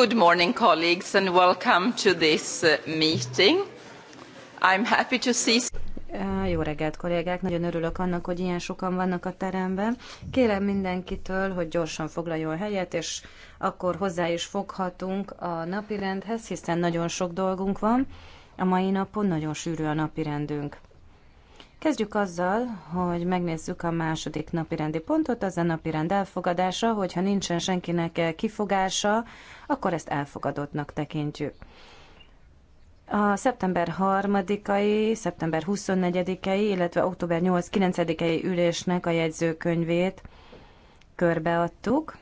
Good morning, colleagues, and welcome to this uh, meeting. I'm happy to see... Jó reggelt, kollégák! Nagyon örülök annak, hogy ilyen sokan vannak a teremben. Kérem mindenkitől, hogy gyorsan foglaljon helyet, és akkor hozzá is foghatunk a napirendhez, hiszen nagyon sok dolgunk van. A mai napon nagyon sűrű a napirendünk. Kezdjük azzal, hogy megnézzük a második napi rendi pontot, az a napi rend elfogadása, hogyha nincsen senkinek kifogása, akkor ezt elfogadottnak tekintjük. A szeptember 3-ai, szeptember 24-ei, illetve október 8-9-ei ülésnek a jegyzőkönyvét körbeadtuk,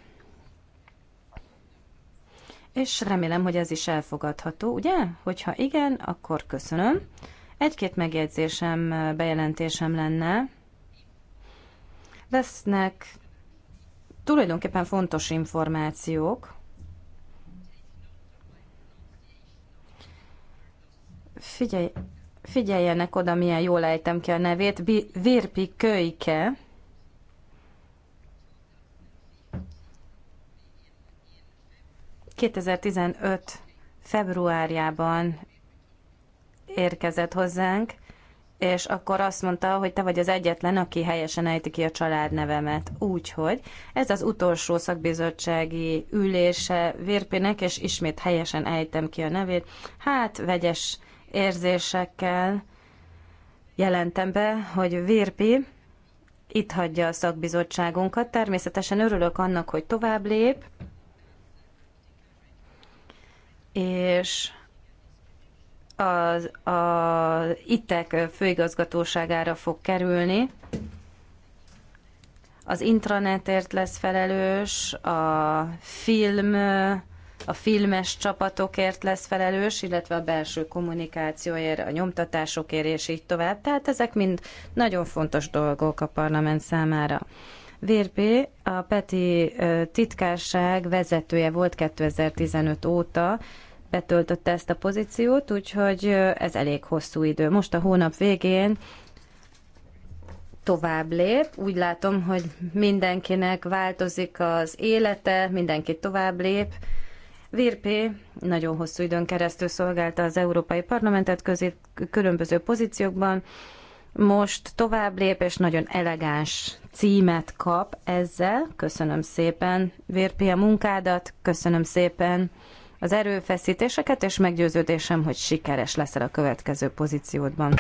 és remélem, hogy ez is elfogadható, ugye? Hogyha igen, akkor köszönöm. Egy-két megjegyzésem, bejelentésem lenne. Lesznek tulajdonképpen fontos információk, Figyelj, figyeljenek oda, milyen jól ejtem ki a nevét. B- Virpi Kölyke. ...2015 februárjában érkezett hozzánk, és akkor azt mondta, hogy te vagy az egyetlen, aki helyesen ejti ki a családnevemet. Úgyhogy ez az utolsó szakbizottsági ülése Vérpének, és ismét helyesen ejtem ki a nevét. Hát, vegyes érzésekkel jelentem be, hogy Vérpi itt hagyja a szakbizottságunkat. Természetesen örülök annak, hogy tovább lép, és az, a ITEK főigazgatóságára fog kerülni. Az intranetért lesz felelős, a film, a filmes csapatokért lesz felelős, illetve a belső kommunikációért, a nyomtatásokért, és így tovább. Tehát ezek mind nagyon fontos dolgok a parlament számára. Vérpé, a Peti titkárság vezetője volt 2015 óta, betöltötte ezt a pozíciót, úgyhogy ez elég hosszú idő. Most a hónap végén tovább lép. Úgy látom, hogy mindenkinek változik az élete, mindenki tovább lép. Virpé nagyon hosszú időn keresztül szolgálta az Európai Parlamentet közé, különböző pozíciókban. Most tovább lép, és nagyon elegáns címet kap ezzel. Köszönöm szépen, Virpé, a munkádat, köszönöm szépen az erőfeszítéseket, és meggyőződésem, hogy sikeres leszel a következő pozíciódban.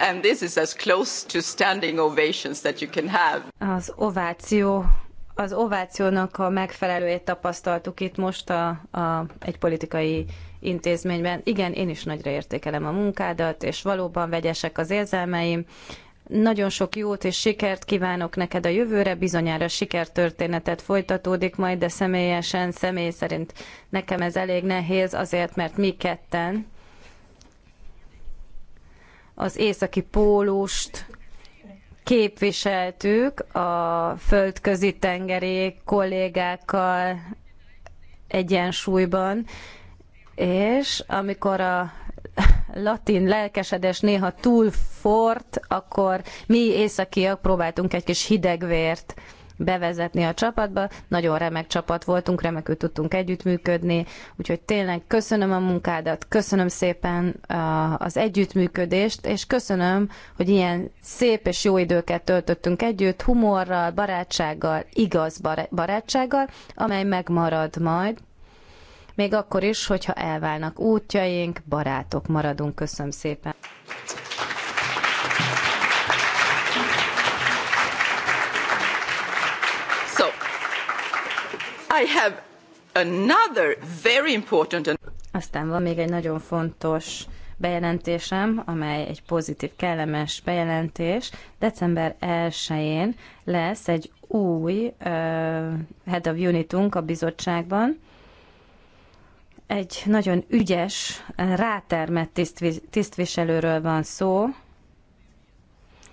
And this is as close to standing ovations that you can have. Az ováció az ovációnak a megfelelőjét tapasztaltuk itt most a, a, egy politikai intézményben. Igen, én is nagyra értékelem a munkádat, és valóban vegyesek az érzelmeim. Nagyon sok jót és sikert kívánok neked a jövőre, bizonyára sikertörténetet folytatódik majd, de személyesen, személy szerint nekem ez elég nehéz, azért, mert mi ketten az északi pólust képviseltük a földközi tengeri kollégákkal egyensúlyban, és amikor a latin lelkesedés néha túl fort, akkor mi északiak próbáltunk egy kis hidegvért bevezetni a csapatba. Nagyon remek csapat voltunk, remekül tudtunk együttműködni, úgyhogy tényleg köszönöm a munkádat, köszönöm szépen az együttműködést, és köszönöm, hogy ilyen szép és jó időket töltöttünk együtt, humorral, barátsággal, igaz barátsággal, amely megmarad majd még akkor is, hogyha elválnak útjaink, barátok maradunk. Köszönöm szépen! I have another very important... Aztán van még egy nagyon fontos bejelentésem, amely egy pozitív, kellemes bejelentés. December 1-én lesz egy új uh, Head of Unitunk a bizottságban. Egy nagyon ügyes, rátermett tisztvi, tisztviselőről van szó,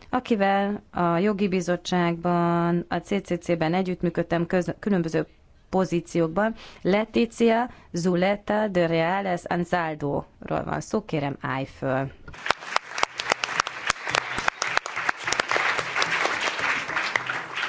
akivel a jogi bizottságban, a CCC-ben együttműködtem, köz, különböző pozíciókban. Leticia Zuleta de Reales Anzaldo-ról van szó, kérem állj föl.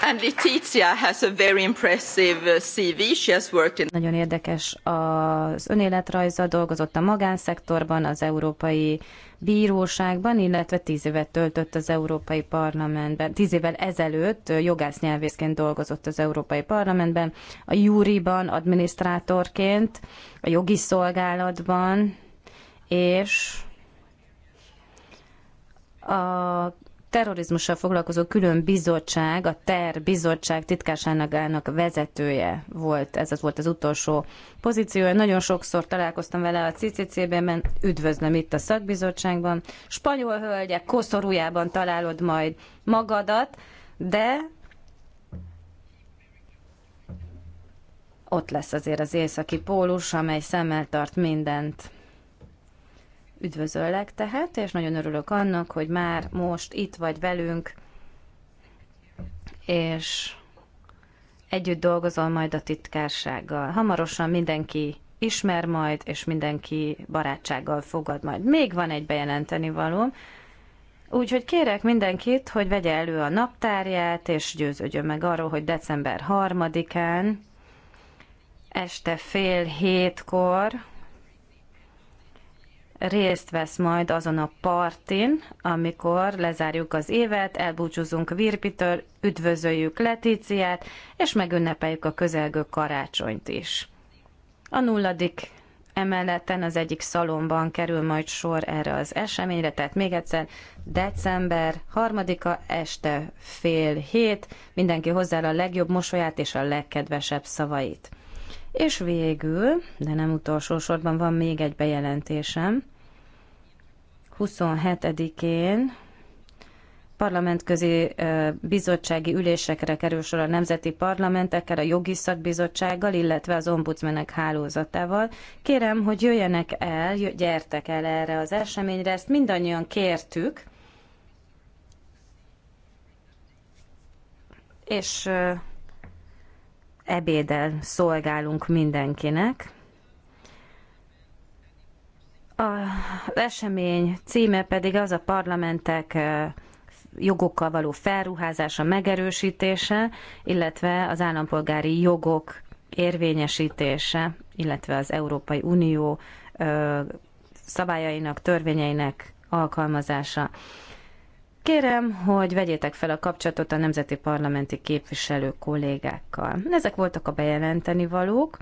And Letizia has a very impressive uh, CV. She has worked in... Nagyon érdekes az önéletrajza, dolgozott a magánszektorban, az Európai Bíróságban, illetve tíz évet töltött az Európai Parlamentben. Tíz évvel ezelőtt uh, jogásznyelvészként dolgozott az Európai Parlamentben, a júriban, adminisztrátorként, a jogi szolgálatban, és a terrorizmussal foglalkozó külön bizottság, a TER bizottság titkárságának vezetője volt, ez az volt az utolsó pozíciója. Nagyon sokszor találkoztam vele a CCC-ben, üdvözlöm itt a szakbizottságban. Spanyol hölgyek, koszorújában találod majd magadat, de ott lesz azért az északi pólus, amely szemmel tart mindent. Üdvözöllek tehát, és nagyon örülök annak, hogy már most itt vagy velünk, és együtt dolgozol majd a titkársággal. Hamarosan mindenki ismer majd, és mindenki barátsággal fogad majd. Még van egy bejelenteni valóm, úgyhogy kérek mindenkit, hogy vegye elő a naptárját, és győződjön meg arról, hogy december 3-án este fél hétkor részt vesz majd azon a partin, amikor lezárjuk az évet, elbúcsúzunk Virpitől, üdvözöljük Letíciát, és megünnepeljük a közelgő karácsonyt is. A nulladik emeleten az egyik szalomban kerül majd sor erre az eseményre, tehát még egyszer december harmadika este fél hét, mindenki hozzá a legjobb mosolyát és a legkedvesebb szavait. És végül, de nem utolsó sorban van még egy bejelentésem, 27-én parlamentközi bizottsági ülésekre kerül sor a nemzeti parlamentekkel, a jogi szakbizottsággal, illetve az ombudsmenek hálózatával. Kérem, hogy jöjjenek el, gyertek el erre az eseményre, ezt mindannyian kértük, és ebédel szolgálunk mindenkinek. Az esemény címe pedig az a parlamentek jogokkal való felruházása, megerősítése, illetve az állampolgári jogok érvényesítése, illetve az Európai Unió szabályainak, törvényeinek alkalmazása. Kérem, hogy vegyétek fel a kapcsolatot a nemzeti parlamenti képviselő kollégákkal. Ezek voltak a bejelenteni valók.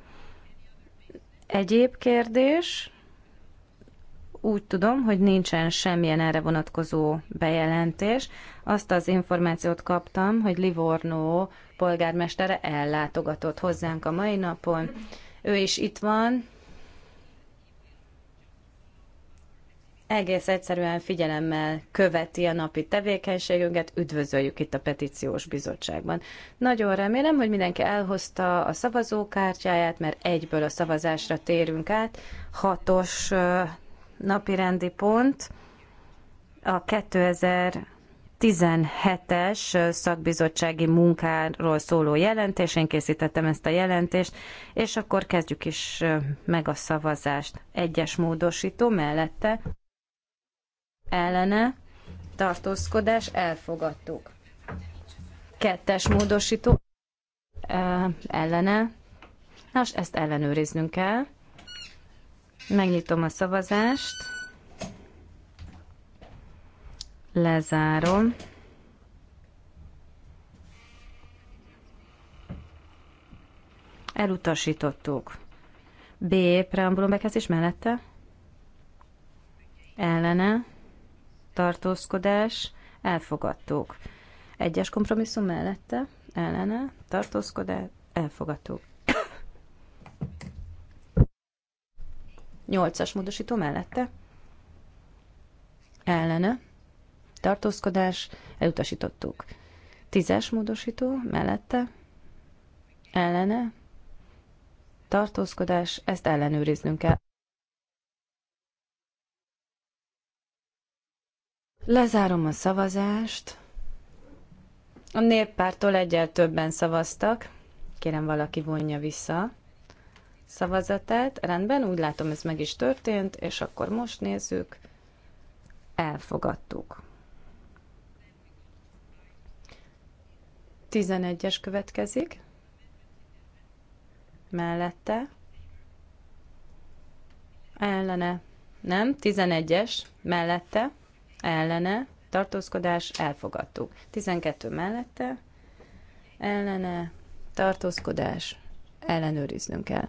Egyéb kérdés? úgy tudom, hogy nincsen semmilyen erre vonatkozó bejelentés. Azt az információt kaptam, hogy Livorno polgármestere ellátogatott hozzánk a mai napon. Ő is itt van. Egész egyszerűen figyelemmel követi a napi tevékenységünket, üdvözöljük itt a petíciós bizottságban. Nagyon remélem, hogy mindenki elhozta a szavazókártyáját, mert egyből a szavazásra térünk át. Hatos napi rendi pont a 2017-es szakbizottsági munkáról szóló jelentés. Én készítettem ezt a jelentést, és akkor kezdjük is meg a szavazást. Egyes módosító mellette ellene tartózkodás elfogadtuk. Kettes módosító ellene. Nos, ezt ellenőriznünk kell. Megnyitom a szavazást. Lezárom. Elutasítottuk. B. Preambulum bekezdés mellette. Ellene. Tartózkodás. Elfogadtuk. Egyes kompromisszum mellette. Ellene. Tartózkodás. Elfogadtuk. 8-as módosító mellette. Ellene. Tartózkodás. Elutasítottuk. 10-es módosító mellette. Ellene. Tartózkodás. Ezt ellenőriznünk kell. Lezárom a szavazást. A néppártól egyel többen szavaztak. Kérem, valaki vonja vissza szavazatát. Rendben, úgy látom, ez meg is történt, és akkor most nézzük. Elfogadtuk. 11-es következik. Mellette. Ellene. Nem, 11-es. Mellette. Ellene. Tartózkodás. Elfogadtuk. 12 mellette. Ellene. Tartózkodás ellenőriznünk kell.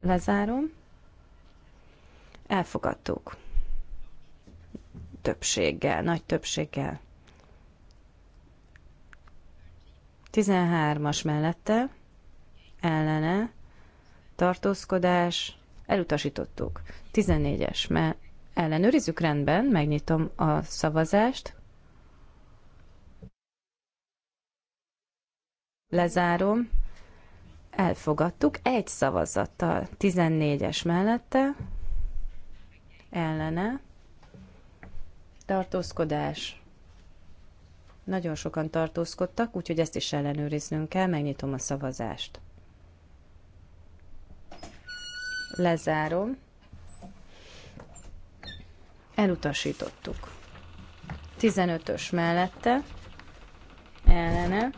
Lezárom. Elfogadtuk. Többséggel, nagy többséggel. 13-as mellette, ellene, tartózkodás, elutasítottuk. 14-es Ellenőrizzük rendben, megnyitom a szavazást. Lezárom. Elfogadtuk egy szavazattal. 14-es mellette. Ellene. Tartózkodás. Nagyon sokan tartózkodtak, úgyhogy ezt is ellenőriznünk kell. Megnyitom a szavazást. Lezárom elutasítottuk. 15-ös mellette, ellene,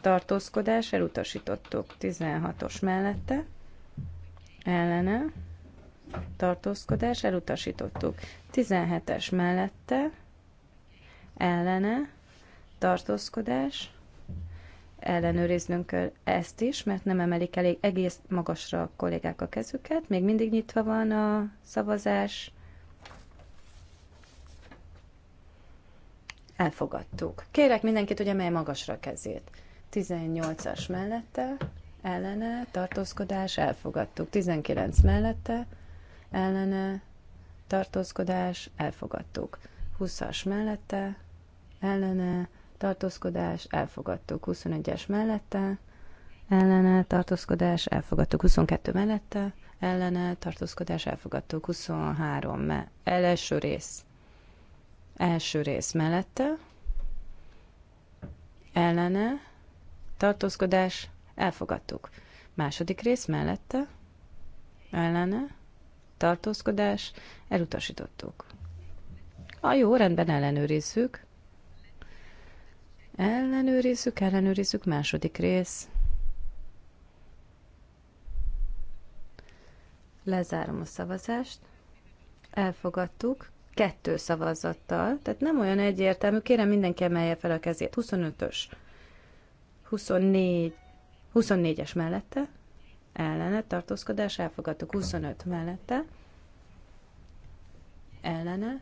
tartózkodás, elutasítottuk. 16-os mellette, ellene, tartózkodás, elutasítottuk. 17-es mellette, ellene, tartózkodás, ellenőriznünk kell ezt is, mert nem emelik elég egész magasra a kollégák a kezüket. Még mindig nyitva van a szavazás. Elfogadtuk. Kérek mindenkit, hogy emelje magasra a kezét. 18-as mellette, ellene, tartózkodás, elfogadtuk. 19 mellette, ellene, tartózkodás, elfogadtuk. 20-as mellette, ellene, tartózkodás, elfogadtuk. 21-es mellette, ellene, tartózkodás, elfogadtuk. 22 mellette, ellene, tartózkodás, elfogadtuk. 23 me- első rész Első rész mellette, ellene, tartózkodás, elfogadtuk. Második rész mellette, ellene, tartózkodás, elutasítottuk. A jó, rendben ellenőrizzük. Ellenőrizzük, ellenőrizzük, második rész. Lezárom a szavazást. Elfogadtuk kettő szavazattal, tehát nem olyan egyértelmű, kérem mindenki emelje fel a kezét. 25-ös, 24, 24-es mellette, ellene, tartózkodás, elfogadtuk 25 mellette, ellene,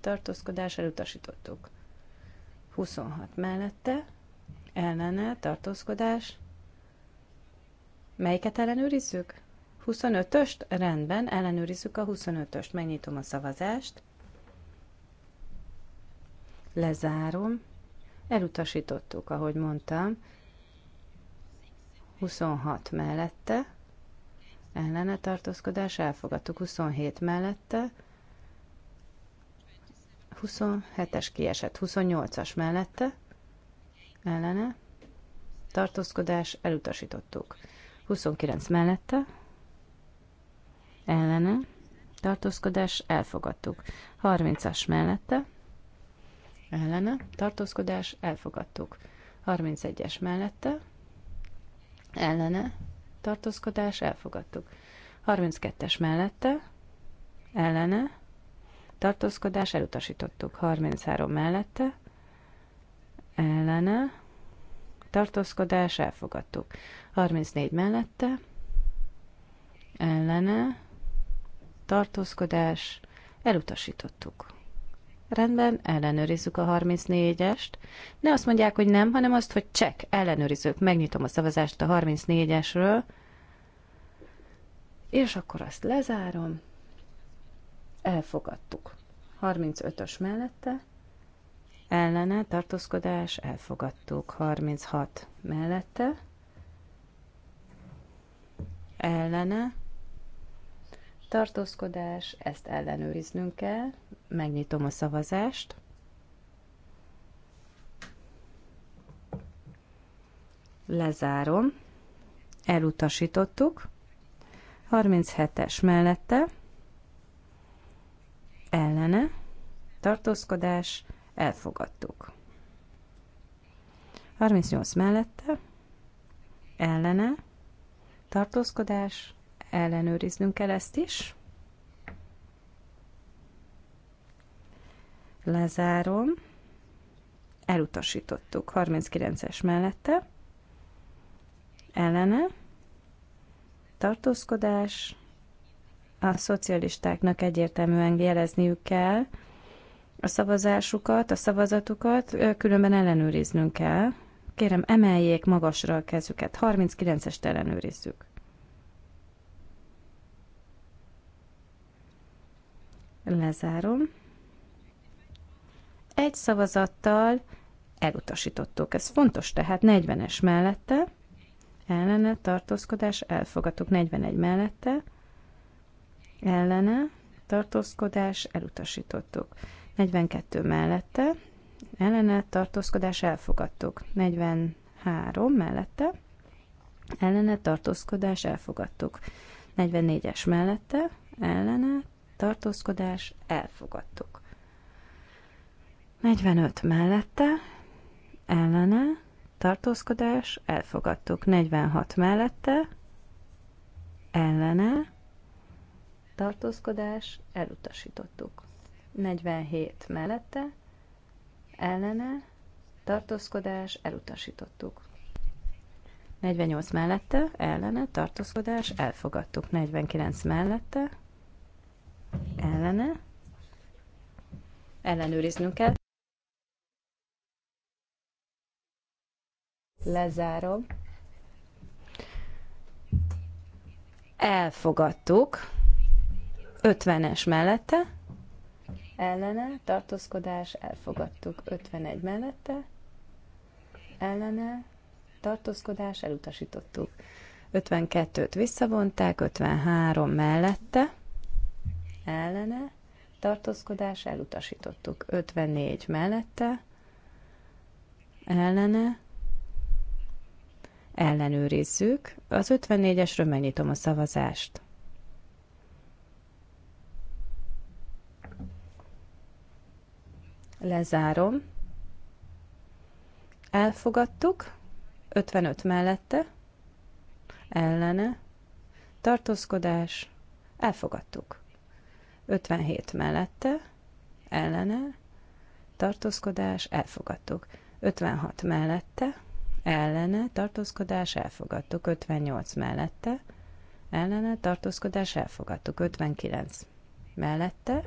tartózkodás, elutasítottuk. 26 mellette, ellene, tartózkodás, melyiket ellenőrizzük? 25-öst? Rendben, ellenőrizzük a 25-öst, megnyitom a szavazást lezárom. Elutasítottuk, ahogy mondtam, 26 mellette, ellene tartózkodás, elfogadtuk 27 mellette, 27-es kiesett, 28-as mellette, ellene, tartózkodás, elutasítottuk. 29 mellette, ellene, tartózkodás, elfogadtuk. 30-as mellette, ellene, tartózkodás, elfogadtuk. 31-es mellette, ellene, tartózkodás, elfogadtuk. 32-es mellette, ellene, tartózkodás, elutasítottuk. 33 mellette, ellene, tartózkodás, elfogadtuk. 34 mellette, ellene, tartózkodás, elutasítottuk. Rendben, ellenőrizzük a 34-est. Ne azt mondják, hogy nem, hanem azt, hogy csek, ellenőrizzük. Megnyitom a szavazást a 34-esről. És akkor azt lezárom. Elfogadtuk. 35-ös mellette. Ellene, tartózkodás, elfogadtuk. 36 mellette. Ellene, tartózkodás, ezt ellenőriznünk kell. Megnyitom a szavazást. Lezárom. Elutasítottuk. 37-es mellette. Ellene. Tartózkodás. Elfogadtuk. 38 mellette. Ellene. Tartózkodás ellenőriznünk kell ezt is. Lezárom. Elutasítottuk 39-es mellette. Ellene. Tartózkodás. A szocialistáknak egyértelműen jelezniük kell a szavazásukat, a szavazatukat, különben ellenőriznünk kell. Kérem, emeljék magasra a kezüket. 39-est ellenőrizzük. Lezárom. Egy szavazattal elutasítottuk. Ez fontos, tehát 40-es mellette, ellene, tartózkodás, elfogadtuk 41 mellette, ellene, tartózkodás, elutasítottuk. 42 mellette, ellene, tartózkodás, elfogadtuk. 43 mellette, ellene, tartózkodás, elfogadtuk. 44-es mellette, ellene, tartózkodás, elfogadtuk. 45 mellette, ellene, tartózkodás, elfogadtuk. 46 mellette, ellene, tartózkodás, elutasítottuk. 47 mellette, ellene, tartózkodás, elutasítottuk. 48 mellette, ellene, tartózkodás, elfogadtuk. 49 mellette, ellene, ellenőriznünk kell. Lezárom. Elfogadtuk. 50-es mellette. Ellene, tartózkodás, elfogadtuk. 51 mellette. Ellene, tartózkodás, elutasítottuk. 52-t visszavonták, 53 mellette ellene, tartózkodás, elutasítottuk. 54 mellette, ellene, ellenőrizzük. Az 54-esről megnyitom a szavazást. Lezárom. Elfogadtuk. 55 mellette. Ellene. Tartózkodás. Elfogadtuk. 57 mellette, ellene, tartózkodás, elfogadtuk. 56 mellette, ellene, tartózkodás, elfogadtuk. 58 mellette, ellene, tartózkodás, elfogadtuk. 59 mellette,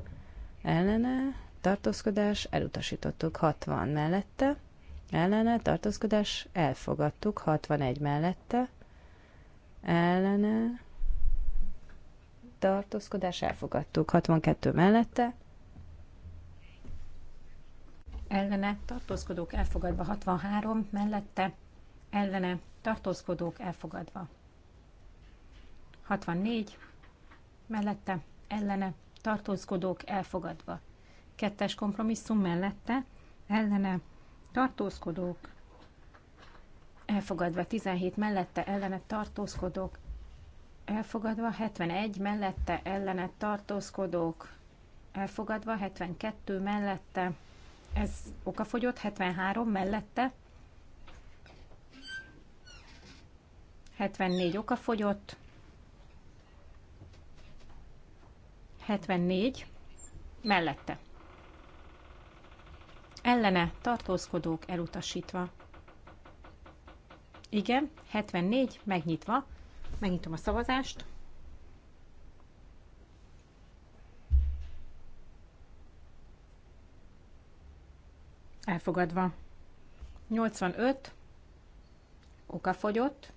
ellene, tartózkodás, elutasítottuk. 60 mellette, ellene, tartózkodás, elfogadtuk. 61 mellette, ellene, tartózkodás elfogadtuk. 62 mellette. Ellene tartózkodók elfogadva 63 mellette. Ellene tartózkodók elfogadva. 64 mellette. Ellene tartózkodók elfogadva. Kettes kompromisszum mellette. Ellene tartózkodók elfogadva 17 mellette ellene tartózkodók elfogadva, 71 mellette ellene tartózkodók elfogadva, 72 mellette, ez okafogyott, 73 mellette, 74 okafogyott, 74 mellette. Ellene tartózkodók elutasítva. Igen, 74 megnyitva. Megnyitom a szavazást. Elfogadva. 85. Okafogyott.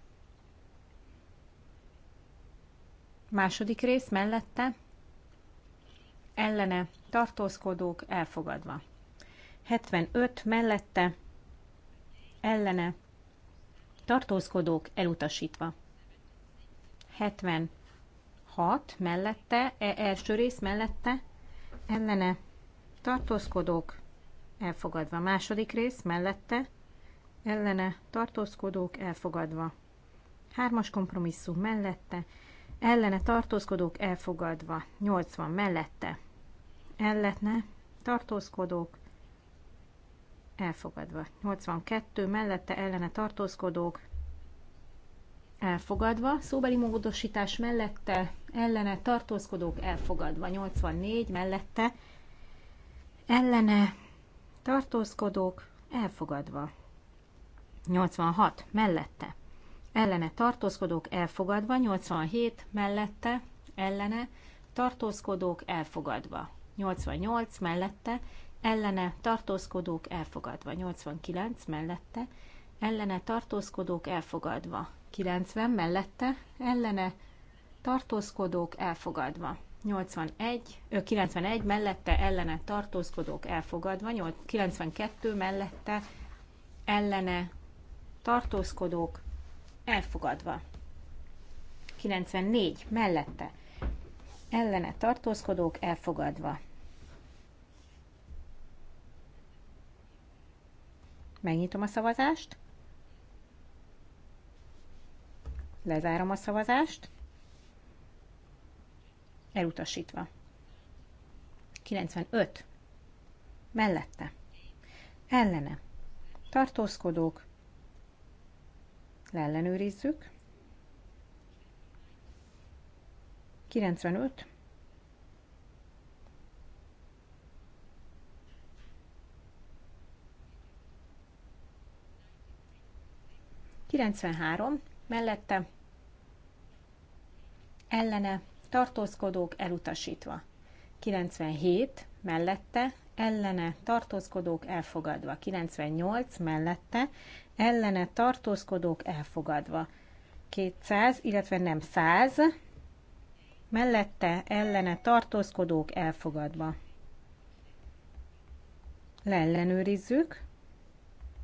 Második rész mellette. Ellene tartózkodók elfogadva. 75 mellette. Ellene tartózkodók elutasítva. 76 mellette, e első rész mellette, ellene tartózkodók elfogadva. Második rész mellette, ellene tartózkodók elfogadva. Hármas kompromisszum mellette, ellene tartózkodók elfogadva. 80 mellette, ellene tartózkodók elfogadva. 82 mellette ellene tartózkodók elfogadva, szóbeli módosítás mellette, ellene tartózkodók elfogadva, 84 mellette, ellene tartózkodók elfogadva, 86 mellette, ellene tartózkodók elfogadva, 87 mellette, ellene tartózkodók elfogadva, 88 mellette, ellene tartózkodók elfogadva, 89 mellette, ellene tartózkodók elfogadva, 90 mellette, ellene, tartózkodók elfogadva. 81, 91 mellette, ellene, tartózkodók elfogadva. 92 mellette, ellene, tartózkodók elfogadva. 94 mellette, ellene, tartózkodók elfogadva. Megnyitom a szavazást. Lezárom a szavazást. Elutasítva. 95. Mellette. Ellene. Tartózkodók. Leellenőrizzük. 95. Kilencvenhárom mellette ellene tartózkodók elutasítva. 97 mellette ellene tartózkodók elfogadva. 98 mellette ellene tartózkodók elfogadva. 200, illetve nem 100, mellette ellene tartózkodók elfogadva. Leellenőrizzük.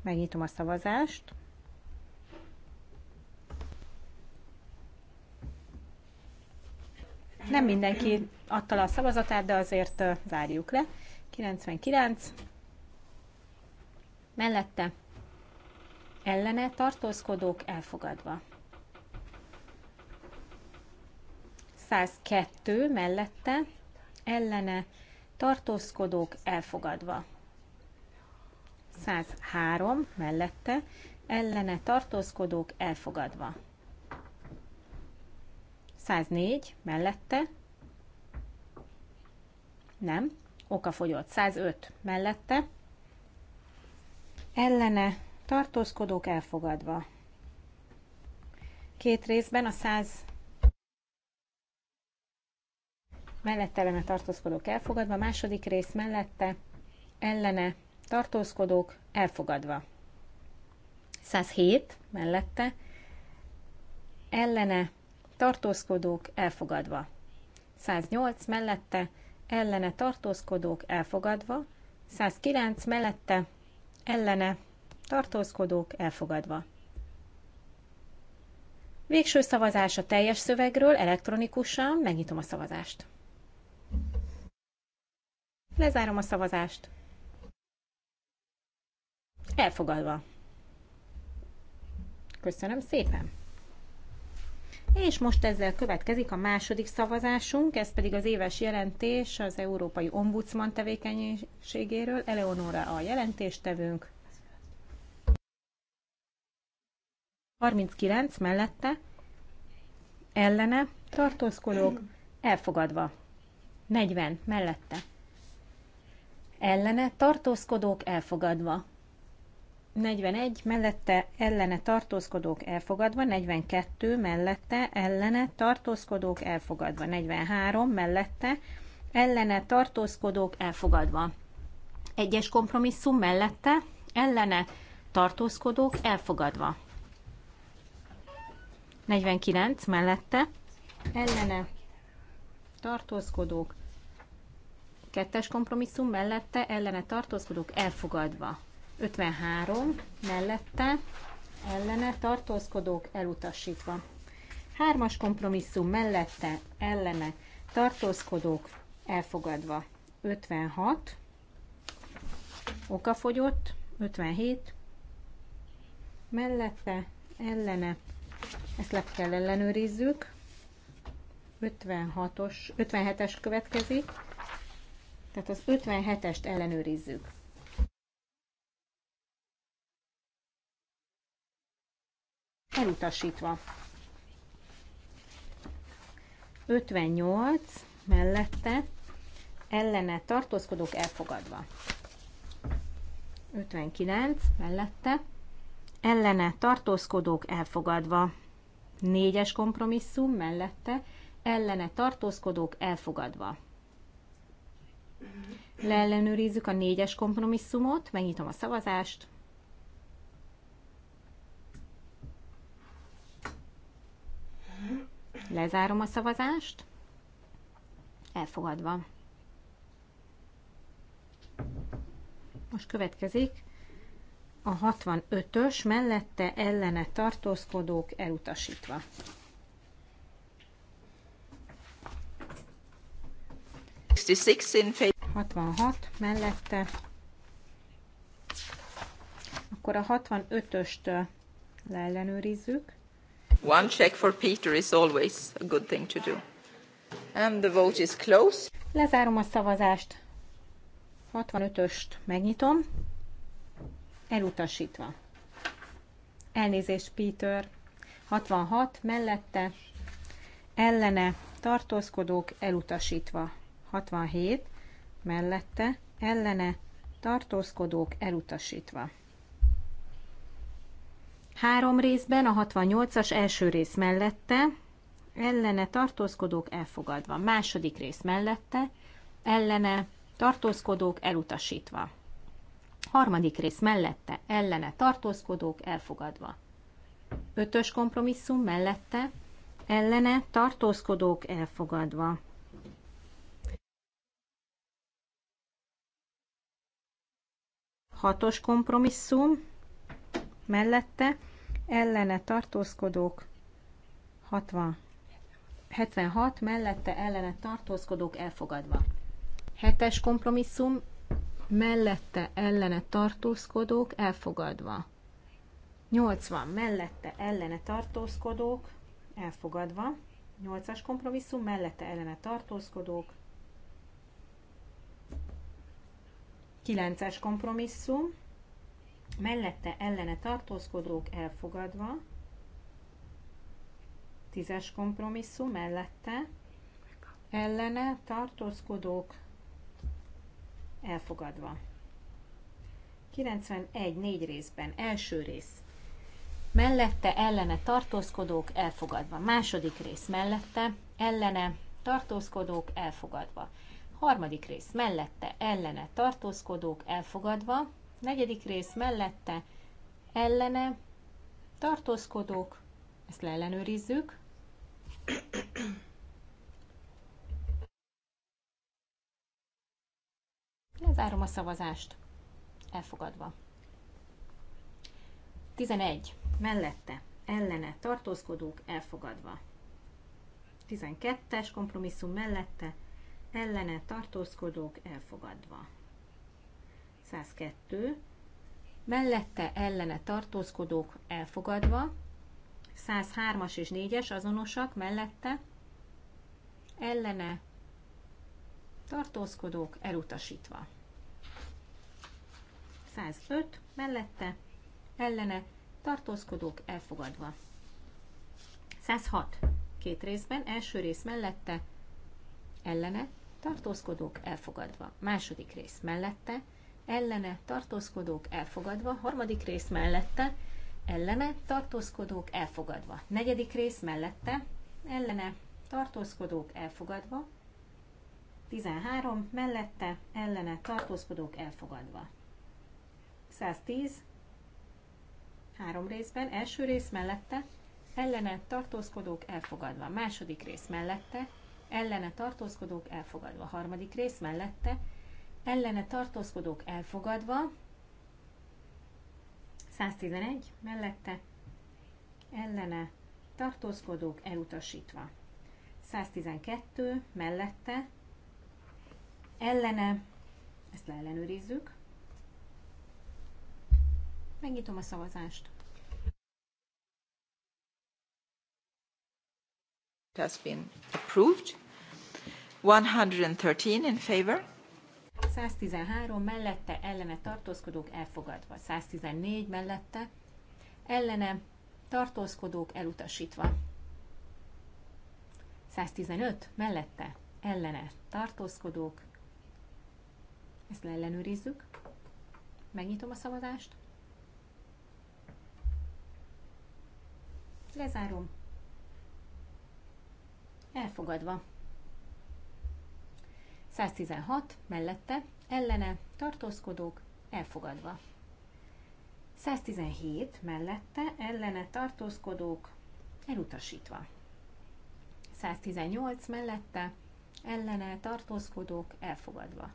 Megnyitom a szavazást. Nem mindenki adta a szavazatát, de azért zárjuk le. 99 mellette ellene tartózkodók elfogadva. 102 mellette ellene tartózkodók elfogadva. 103 mellette ellene tartózkodók elfogadva. 104 mellette, nem, oka fogyott, 105 mellette, ellene tartózkodók elfogadva. Két részben a 100 mellette ellene tartózkodók elfogadva, a második rész mellette ellene tartózkodók elfogadva. 107 mellette ellene tartózkodók elfogadva. 108 mellette, ellene tartózkodók elfogadva, 109 mellette, ellene tartózkodók elfogadva. Végső szavazás a teljes szövegről elektronikusan, megnyitom a szavazást. Lezárom a szavazást. Elfogadva. Köszönöm szépen! És most ezzel következik a második szavazásunk, ez pedig az éves jelentés az Európai Ombudsman tevékenységéről. Eleonora a jelentéstevünk. 39 mellette, ellene, tartózkodók, elfogadva. 40 mellette. Ellene, tartózkodók, elfogadva. 41 mellette ellene tartózkodók elfogadva, 42 mellette ellene tartózkodók elfogadva, 43 mellette ellene tartózkodók elfogadva. Egyes kompromisszum mellette ellene tartózkodók elfogadva. 49 mellette ellene tartózkodók kettes kompromisszum mellette ellene tartózkodók elfogadva. 53 mellette ellene tartózkodók elutasítva. Hármas kompromisszum mellette ellene tartózkodók elfogadva. 56 okafogyott, 57 mellette ellene ezt le kell ellenőrizzük. 56-os, 57-es következik. Tehát az 57-est ellenőrizzük. elutasítva. 58 mellette ellene tartózkodók elfogadva. 59 mellette ellene tartózkodók elfogadva. 4-es kompromisszum mellette ellene tartózkodók elfogadva. Leellenőrizzük a 4-es kompromisszumot, megnyitom a szavazást. Lezárom a szavazást. Elfogadva. Most következik a 65-ös, mellette ellene tartózkodók elutasítva. in 66 mellette. Akkor a 65-öst leellenőrizzük. One check for Peter is always a good thing to do. And the vote is Lezárom a szavazást. 65-öst megnyitom. Elutasítva. Elnézést, Peter. 66 mellette. Ellene tartózkodók elutasítva. 67 mellette. Ellene tartózkodók elutasítva. Három részben a 68-as első rész mellette, ellene tartózkodók elfogadva. Második rész mellette, ellene tartózkodók elutasítva. Harmadik rész mellette, ellene tartózkodók elfogadva. Ötös kompromisszum mellette, ellene tartózkodók elfogadva. Hatos kompromisszum mellette, ellene tartózkodók 60, 76, mellette ellene tartózkodók elfogadva. Hetes kompromisszum, mellette ellene tartózkodók elfogadva. 80, mellette ellene tartózkodók elfogadva. 8-as kompromisszum, mellette ellene tartózkodók. 9-es kompromisszum, mellette ellene tartózkodók elfogadva, tízes kompromisszum mellette ellene tartózkodók elfogadva. 91 négy részben, első rész mellette ellene tartózkodók elfogadva, második rész mellette ellene tartózkodók elfogadva, harmadik rész mellette ellene tartózkodók elfogadva, Negyedik rész mellette ellene tartózkodók, ezt leellenőrizzük. Lezárom a szavazást. Elfogadva. 11. Mellette, ellene, tartózkodók, elfogadva. 12-es kompromisszum mellette, ellene, tartózkodók, elfogadva. 102, mellette ellene tartózkodók elfogadva, 103-as és 4-es azonosak mellette, ellene tartózkodók elutasítva. 105 mellette, ellene tartózkodók elfogadva. 106 két részben, első rész mellette, ellene tartózkodók elfogadva. Második rész mellette, ellene tartózkodók elfogadva, harmadik rész mellette, ellene tartózkodók elfogadva, negyedik rész mellette, ellene tartózkodók elfogadva, 13 mellette, ellene tartózkodók elfogadva. 110 három részben, első rész mellette, ellene tartózkodók elfogadva, második rész mellette, ellene tartózkodók elfogadva, harmadik rész mellette, ellene tartózkodók elfogadva, 111 mellette, ellene tartózkodók elutasítva, 112 mellette, ellene, ezt leellenőrizzük, megnyitom a szavazást. has been approved. 113 in favor 113 mellette ellene tartózkodók elfogadva, 114 mellette ellene tartózkodók elutasítva. 115 mellette ellene tartózkodók. Ezt leellenőrizzük. Megnyitom a szavazást. Lezárom. Elfogadva. 116 mellette, ellene, tartózkodók, elfogadva. 117 mellette, ellene, tartózkodók, elutasítva. 118 mellette, ellene, tartózkodók, elfogadva.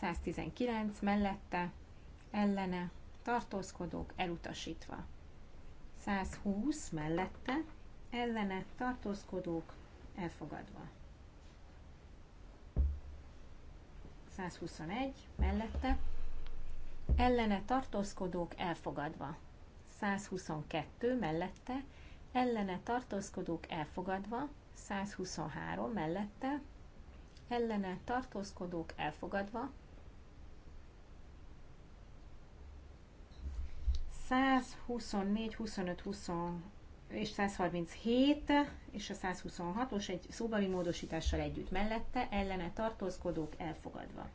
119 mellette, ellene, tartózkodók, elutasítva. 120 mellette, ellene, tartózkodók, elfogadva. 121 mellette, ellene tartózkodók elfogadva. 122 mellette, ellene tartózkodók elfogadva. 123 mellette, ellene tartózkodók elfogadva. 124, 25, 26 és 137 és a 126-os egy szóbeli módosítással együtt mellette, ellene tartózkodók elfogadva.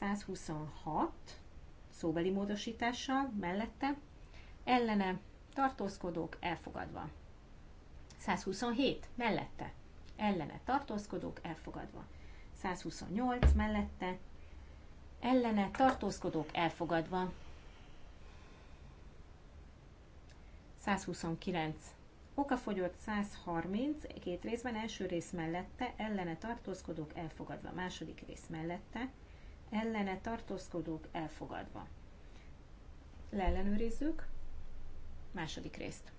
126 szóbeli módosítással mellette, ellene tartózkodók elfogadva. 127 mellette, ellene tartózkodók elfogadva. 128 mellette, ellene tartózkodók elfogadva. 129 okafogyott 130, két részben, első rész mellette, ellene tartózkodók elfogadva, második rész mellette, ellene tartózkodók elfogadva. Leellenőrizzük, második részt.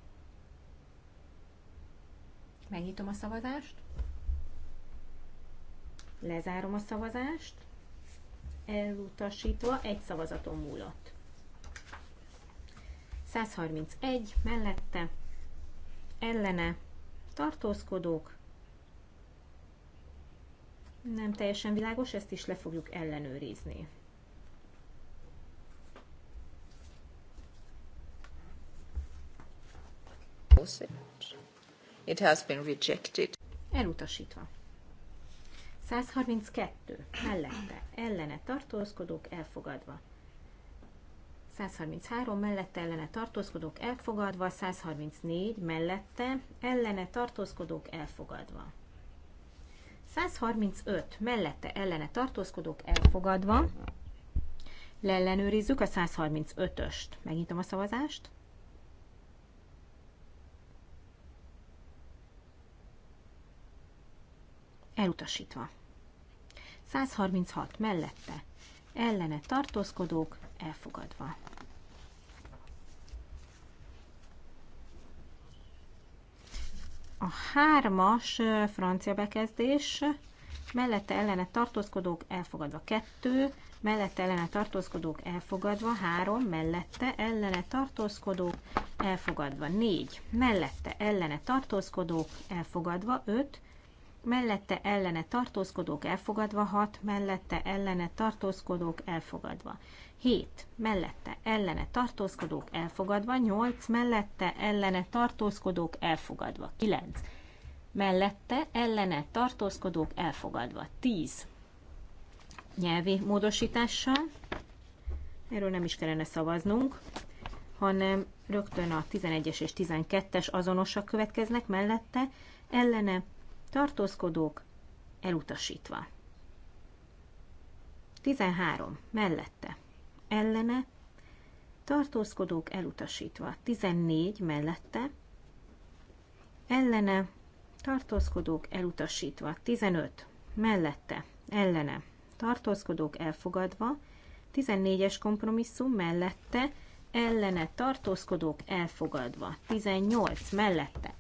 Megnyitom a szavazást, lezárom a szavazást, elutasítva egy szavazaton múlott. 131 mellette ellene tartózkodók. Nem teljesen világos, ezt is le fogjuk ellenőrizni. It has been rejected. Elutasítva. 132. Mellette. Ellene tartózkodók elfogadva. 133 mellette ellene tartózkodók elfogadva, 134 mellette ellene tartózkodók elfogadva. 135 mellette ellene tartózkodók elfogadva. Leellenőrizzük a 135-öst. Megnyitom a szavazást. Elutasítva. 136 mellette ellene tartózkodók elfogadva. A hármas francia bekezdés mellette ellene tartózkodók elfogadva kettő, mellette ellene tartózkodók elfogadva három, mellette ellene tartózkodók elfogadva négy, mellette ellene tartózkodók elfogadva öt, mellette ellene tartózkodók elfogadva hat, mellette ellene tartózkodók elfogadva 7 mellette ellene tartózkodók elfogadva, 8 mellette ellene tartózkodók elfogadva, 9 mellette ellene tartózkodók elfogadva, 10 nyelvi módosítással, erről nem is kellene szavaznunk, hanem rögtön a 11-es és 12-es azonosak következnek mellette, ellene tartózkodók elutasítva. 13. Mellette ellene, tartózkodók elutasítva 14 mellette, ellene, tartózkodók elutasítva 15 mellette, ellene, tartózkodók elfogadva, 14-es kompromisszum mellette, ellene tartózkodók elfogadva, 18 mellette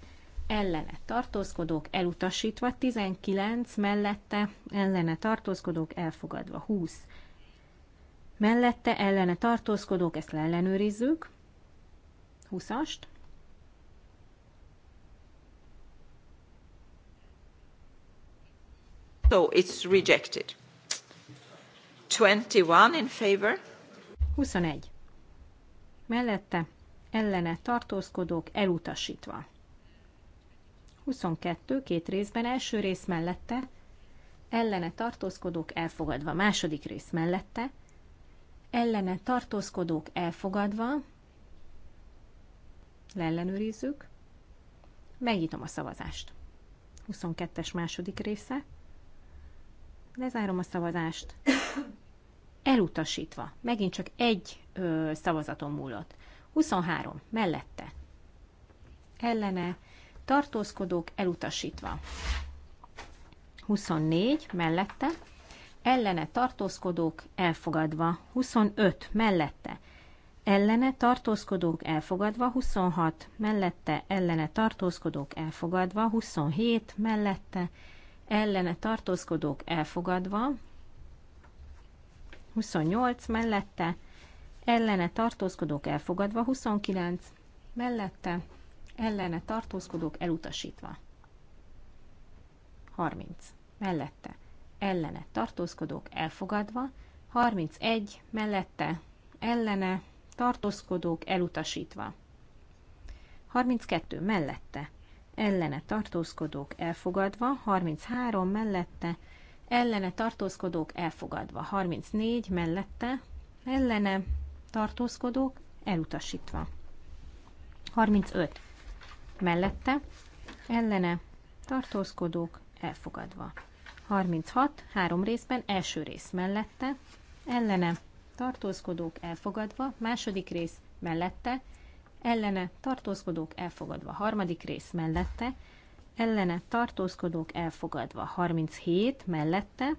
ellene tartózkodók elutasítva, 19 mellette ellene tartózkodók elfogadva, 20 mellette ellene tartózkodók, ezt ellenőrizzük. 20-ast. So it's rejected. 21 in favor. 21. Mellette ellene tartózkodók elutasítva. 22. Két részben első rész mellette ellene tartózkodók elfogadva. Második rész mellette ellene tartózkodók elfogadva, leellenőrizzük, megnyitom a szavazást. 22-es második része, lezárom a szavazást, elutasítva, megint csak egy ö, szavazaton múlott. 23 mellette, ellene, tartózkodók elutasítva. 24 mellette, ellene tartózkodók elfogadva, 25 mellette, ellene tartózkodók elfogadva, 26 mellette, ellene tartózkodók elfogadva, 27 mellette, ellene tartózkodók elfogadva, 28 mellette, ellene tartózkodók elfogadva, 29 mellette, ellene tartózkodók elutasítva. 30. Mellette ellene tartózkodók elfogadva, 31 mellette ellene tartózkodók elutasítva. 32 mellette ellene tartózkodók elfogadva, 33 mellette ellene tartózkodók elfogadva, 34 mellette ellene tartózkodók elutasítva. 35 mellette ellene tartózkodók elfogadva. 36, három részben, első rész mellette, ellene, tartózkodók elfogadva, második rész mellette, ellene, tartózkodók elfogadva, harmadik rész mellette, ellene, tartózkodók elfogadva, 37 mellette,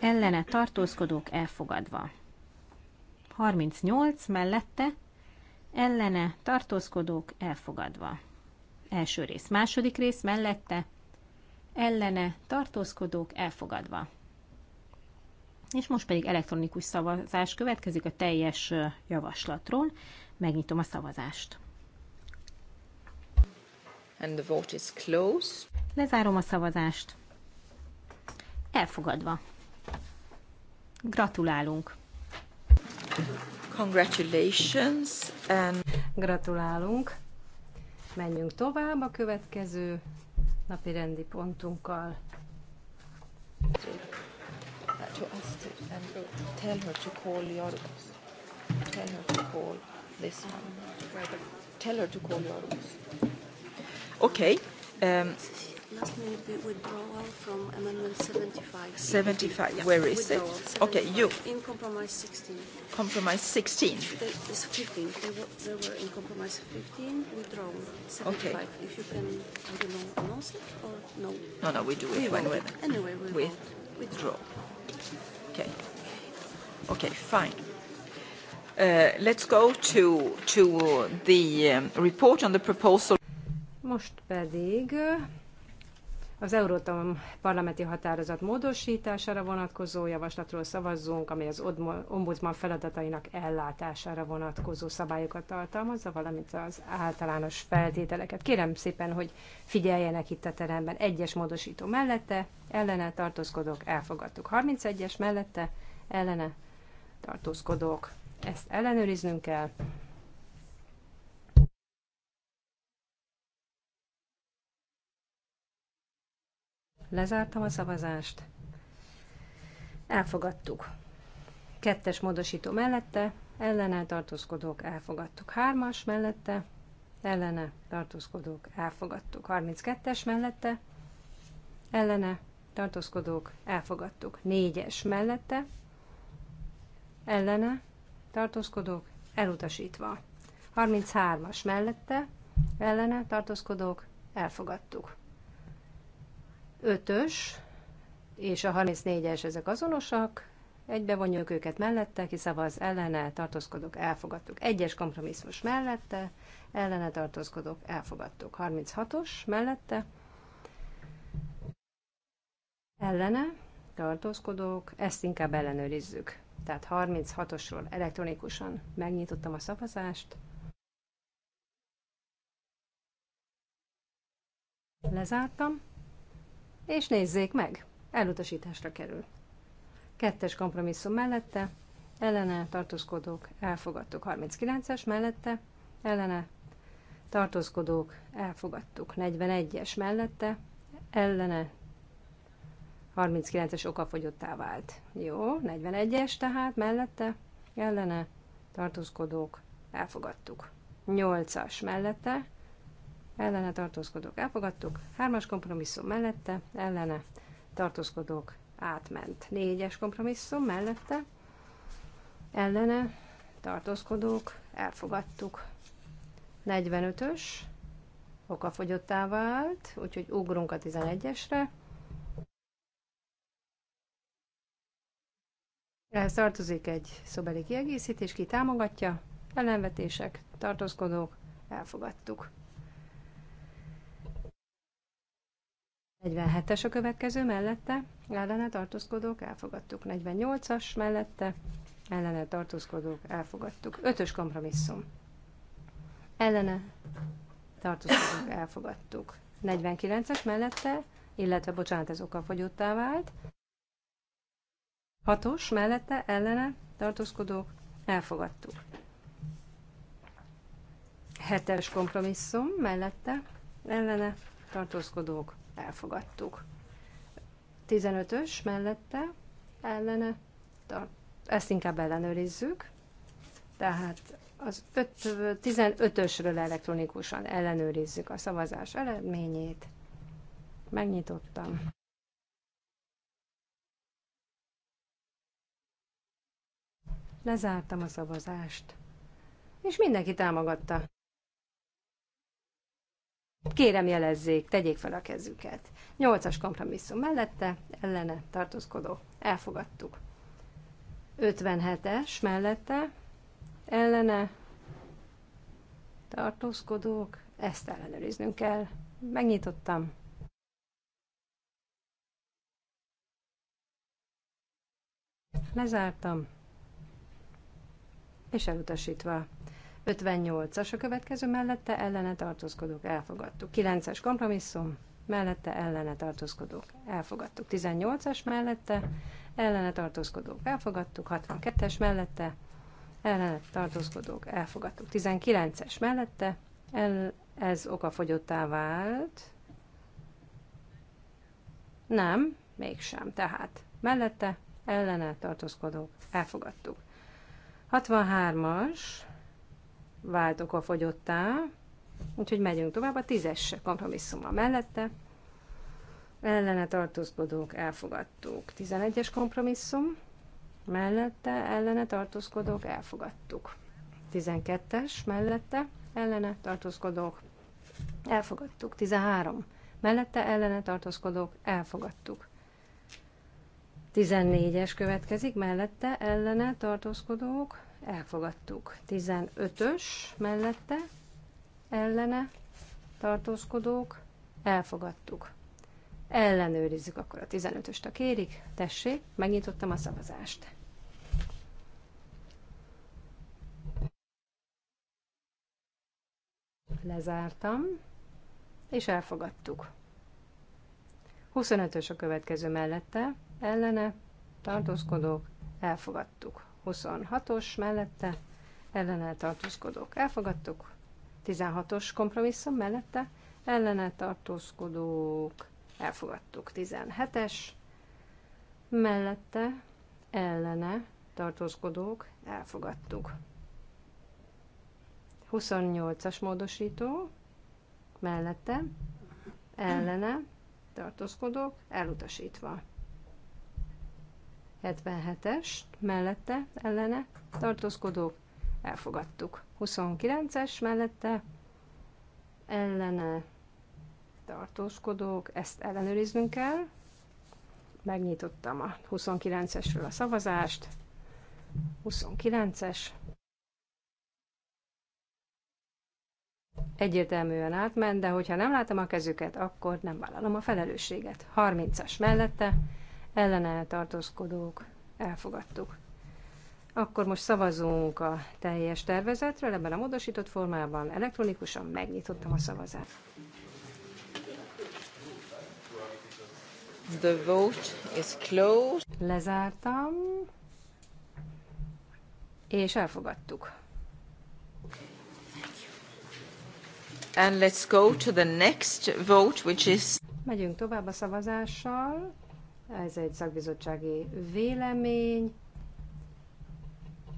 ellene, tartózkodók elfogadva, 38 mellette, ellene, tartózkodók elfogadva. Első rész, második rész mellette, ellene tartózkodók elfogadva. És most pedig elektronikus szavazás következik a teljes javaslatról. Megnyitom a szavazást. And the vote is close. Lezárom a szavazást. Elfogadva. Gratulálunk. Congratulations and... Gratulálunk. Menjünk tovább a következő napi rendi pontunkkal. To us to, and tell her to call your, tell her to call this one. Tell her to call your. Okay. Um, Last minute withdrawal from Amendment 75. 75, yeah. where is withdrawal. it? 75. Okay, you. In Compromise 16. Compromise 16. They, it's 15. They were, they were in Compromise 15, withdrawal 75. Okay. If you can, I don't know, announce it or no? No, no, we do it we when we're... Anyway, we With, withdraw. Okay. Okay, fine. Uh, let's go to, to the um, report on the proposal. Most pedig az Európai parlamenti határozat módosítására vonatkozó javaslatról szavazzunk, amely az ombudsman feladatainak ellátására vonatkozó szabályokat tartalmazza, valamint az általános feltételeket. Kérem szépen, hogy figyeljenek itt a teremben. Egyes módosító mellette, ellene tartózkodók, elfogadtuk. 31-es mellette, ellene tartózkodók. Ezt ellenőriznünk kell. Lezártam a szavazást. Elfogadtuk. Kettes módosító mellette, ellene tartózkodók elfogadtuk. Hármas mellette, ellene tartózkodók elfogadtuk. 32-es mellette, ellene tartózkodók elfogadtuk. négyes mellette, ellene tartózkodók elutasítva. 33-as mellette, ellene tartózkodók elfogadtuk. 5-ös és a 34-es ezek azonosak, egybe vonjuk őket mellette, ki szavaz ellene, tartózkodok, elfogadtuk. Egyes kompromisszus mellette, ellene tartózkodok, elfogadtuk. 36-os mellette, ellene, tartózkodók, ezt inkább ellenőrizzük. Tehát 36-osról elektronikusan megnyitottam a szavazást. Lezártam és nézzék meg, elutasításra kerül. Kettes kompromisszum mellette, ellene tartózkodók, elfogadtuk. 39-es mellette, ellene tartózkodók, elfogadtuk. 41-es mellette, ellene 39-es okafogyottá vált. Jó, 41-es tehát mellette, ellene tartózkodók, elfogadtuk. 8-as mellette, ellene tartózkodók elfogadtuk, hármas kompromisszum mellette, ellene tartózkodók átment. Négyes kompromisszum mellette, ellene tartózkodók elfogadtuk. 45-ös okafogyottá vált, úgyhogy ugrunk a 11-esre. Ehhez tartozik egy szobeli kiegészítés, ki támogatja, ellenvetések, tartózkodók, elfogadtuk. 47-es a következő mellette, ellene tartózkodók, elfogadtuk. 48-as mellette, ellene tartózkodók, elfogadtuk. 5-ös kompromisszum. Ellene tartózkodók, elfogadtuk. 49-es mellette, illetve bocsánat, ez okafogyottá vált. 6-os mellette, ellene tartózkodók, elfogadtuk. 7-es kompromisszum mellette, ellene tartózkodók, elfogadtuk. 15-ös mellette ellene, ezt inkább ellenőrizzük, tehát az 15-ösről elektronikusan ellenőrizzük a szavazás eredményét. Megnyitottam. Lezártam a szavazást. És mindenki támogatta. Kérem jelezzék, tegyék fel a kezüket. Nyolcas kompromisszum mellette, ellene tartózkodó. Elfogadtuk. 57-es mellette, ellene tartózkodók. Ezt ellenőriznünk kell. Megnyitottam. Lezártam. És elutasítva. 58-as a következő mellette ellene tartózkodók elfogadtuk. 9-es kompromisszum mellette ellene tartózkodók elfogadtuk. 18-as mellette ellene tartózkodók elfogadtuk. 62-es mellette ellene tartózkodók elfogadtuk. 19-es mellette el, ez okafogyottá vált. Nem, mégsem. Tehát mellette ellene tartózkodók elfogadtuk. 63-as vált okafogyottá, úgyhogy megyünk tovább a tízes kompromisszummal mellette. Ellene tartózkodók elfogadtuk. 11-es kompromisszum mellette ellene tartózkodók elfogadtuk. 12-es mellette ellene tartózkodók elfogadtuk. 13 mellette ellene tartózkodók elfogadtuk. 14-es következik, mellette ellene tartózkodók elfogadtuk. 15-ös mellette, ellene, tartózkodók, elfogadtuk. Ellenőrizzük akkor a 15-öst, a kérik. Tessék, megnyitottam a szavazást. Lezártam, és elfogadtuk. 25-ös a következő mellette, ellene, tartózkodók, elfogadtuk. 26-os mellette ellene tartózkodók elfogadtuk, 16-os kompromisszum mellette ellene tartózkodók elfogadtuk, 17-es mellette ellene tartózkodók elfogadtuk. 28-as módosító mellette ellene tartózkodók elutasítva. 77-es mellette ellene tartózkodók elfogadtuk. 29-es mellette ellene tartózkodók, ezt ellenőriznünk kell. Megnyitottam a 29-esről a szavazást. 29-es. Egyértelműen átment, de hogyha nem látom a kezüket, akkor nem vállalom a felelősséget. 30-as mellette ellene tartózkodók elfogadtuk. Akkor most szavazunk a teljes tervezetről, ebben a módosított formában elektronikusan megnyitottam a szavazást. The vote is closed. Lezártam, és elfogadtuk. And let's go to the next vote, which is... Megyünk tovább a szavazással. Ez egy szakbizottsági vélemény.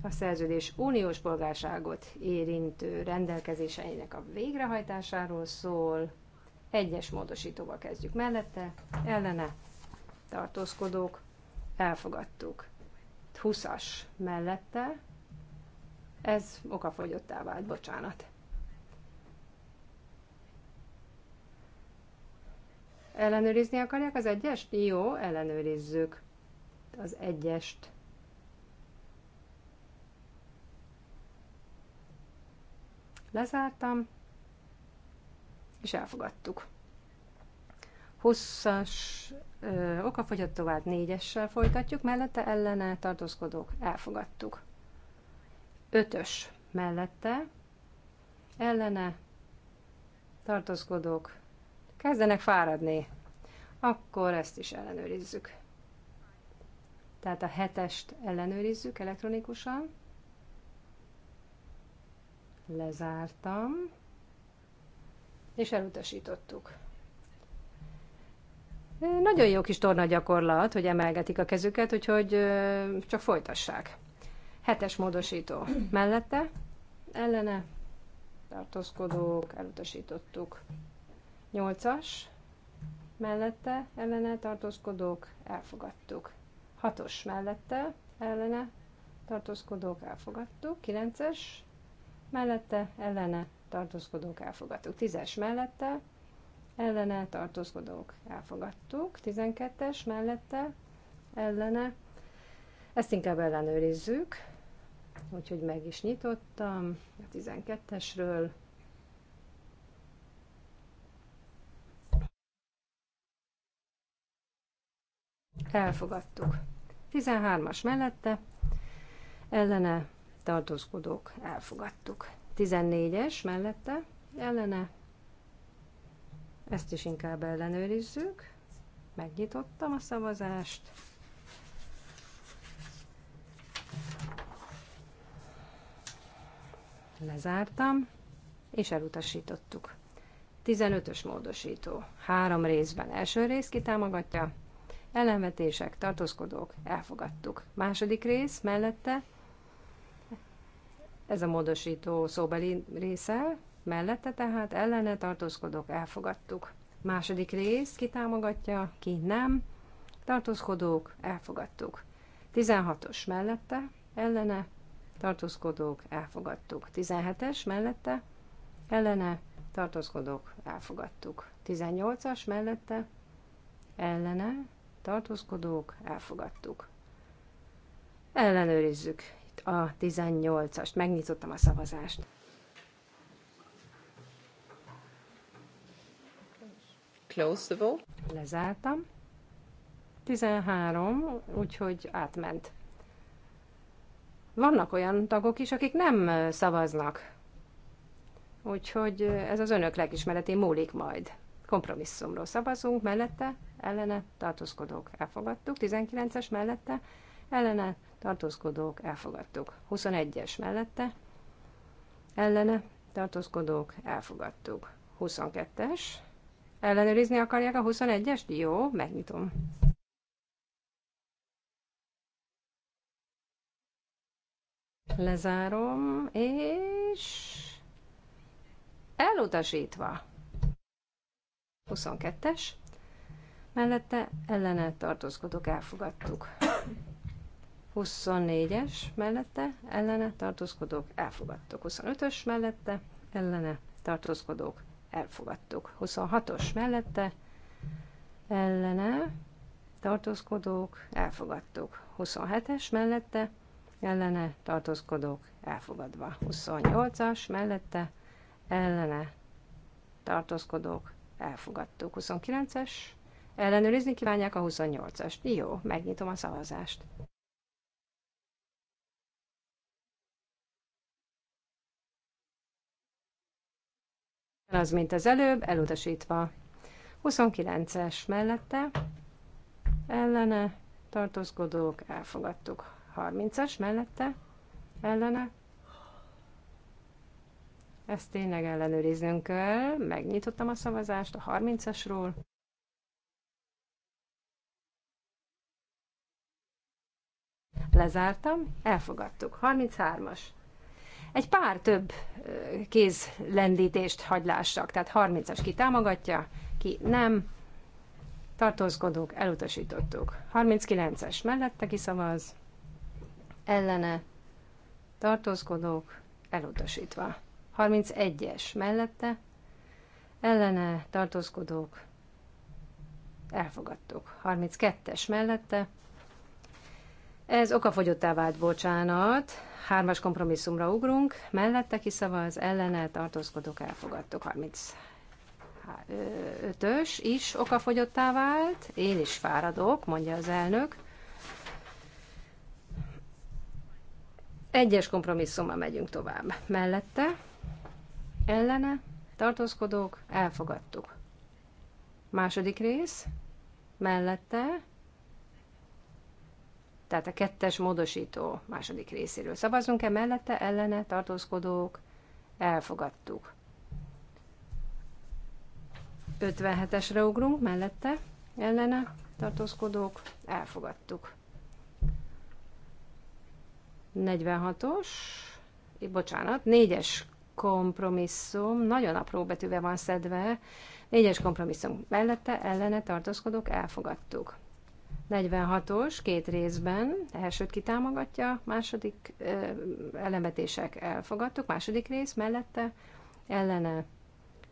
A szerződés uniós polgárságot érintő rendelkezéseinek a végrehajtásáról szól. Egyes módosítóval kezdjük mellette, ellene tartózkodók, elfogadtuk. 20-as mellette, ez okafogyottá vált, bocsánat. Ellenőrizni akarják az egyest? Jó, ellenőrizzük az egyest. Lezártam, és elfogadtuk. Hosszas ö, okafogyott tovább négyessel folytatjuk, mellette ellene tartózkodók elfogadtuk. Ötös mellette ellene tartózkodók kezdenek fáradni, akkor ezt is ellenőrizzük. Tehát a hetest ellenőrizzük elektronikusan. Lezártam. És elutasítottuk. Nagyon jó kis torna gyakorlat, hogy emelgetik a kezüket, úgyhogy csak folytassák. Hetes módosító. Mellette? Ellene? Tartózkodók, elutasítottuk. Nyolcas, mellette, ellene tartózkodók, elfogadtuk. Hatos mellette, ellene tartózkodók, elfogadtuk. Kilences, mellette, ellene tartózkodók, elfogadtuk. Tízes mellette, ellene tartózkodók, elfogadtuk. Tizenkettes mellette, ellene. Ezt inkább ellenőrizzük, úgyhogy meg is nyitottam a 12-esről. elfogadtuk. 13-as mellette ellene tartózkodók elfogadtuk. 14-es mellette ellene ezt is inkább ellenőrizzük. Megnyitottam a szavazást. Lezártam, és elutasítottuk. 15-ös módosító. Három részben első rész kitámogatja, ellenvetések, tartózkodók, elfogadtuk. Második rész mellette, ez a módosító szóbeli része, mellette tehát ellene tartózkodók, elfogadtuk. Második rész támogatja, ki nem, tartózkodók, elfogadtuk. 16-os mellette, ellene, tartózkodók, elfogadtuk. 17-es mellette, ellene, tartózkodók, elfogadtuk. 18-as mellette, ellene, tartózkodók, elfogadtuk. Ellenőrizzük itt a 18-ast, megnyitottam a szavazást. Close the vote. Lezártam. 13, úgyhogy átment. Vannak olyan tagok is, akik nem szavaznak. Úgyhogy ez az önök legismeretén múlik majd kompromisszumról szavazunk, mellette, ellene, tartózkodók, elfogadtuk. 19-es mellette, ellene, tartózkodók, elfogadtuk. 21-es mellette, ellene, tartózkodók, elfogadtuk. 22-es, ellenőrizni akarják a 21-est? Jó, megnyitom. Lezárom, és elutasítva. 22-es, mellette ellene tartózkodók elfogadtuk. 24-es mellette ellene tartózkodók elfogadtuk. 25-ös mellette ellene tartózkodók elfogadtuk. 26-os mellette ellene tartózkodók elfogadtuk. 27-es mellette ellene tartózkodók elfogadva. 28-as mellette ellene tartózkodók Elfogadtuk. 29-es. Ellenőrizni kívánják a 28-ast. Jó, megnyitom a szavazást. Az, mint az előbb, elutasítva. 29-es mellette, ellene, tartózkodók, elfogadtuk. 30-es mellette, ellene, ezt tényleg ellenőriznünk kell. Megnyitottam a szavazást a 30-asról. Lezártam, elfogadtuk. 33-as. Egy pár több kézlendítést hagylássak, tehát 30-as ki támogatja, ki nem. Tartózkodók, elutasítottuk. 39-es mellette kiszavaz, ellene, tartózkodók, elutasítva. 31-es mellette ellene tartózkodók elfogadtuk. 32-es mellette ez okafogyottá vált, bocsánat. Hármas kompromisszumra ugrunk, mellette kiszavaz, ellene tartózkodók elfogadtuk. 35-ös is okafogyottá vált, én is fáradok, mondja az elnök. Egyes kompromisszummal megyünk tovább. Mellette ellene, tartózkodók, elfogadtuk. Második rész, mellette, tehát a kettes módosító második részéről szavazunk-e, mellette, ellene, tartózkodók, elfogadtuk. 57-esre ugrunk, mellette, ellene, tartózkodók, elfogadtuk. 46-os, bocsánat, 4-es kompromisszum, nagyon apró betűve van szedve, négyes kompromisszum mellette ellene tartózkodók elfogadtuk. 46-os két részben, elsőt kitámogatja, második ö, elemetések elfogadtuk, második rész mellette ellene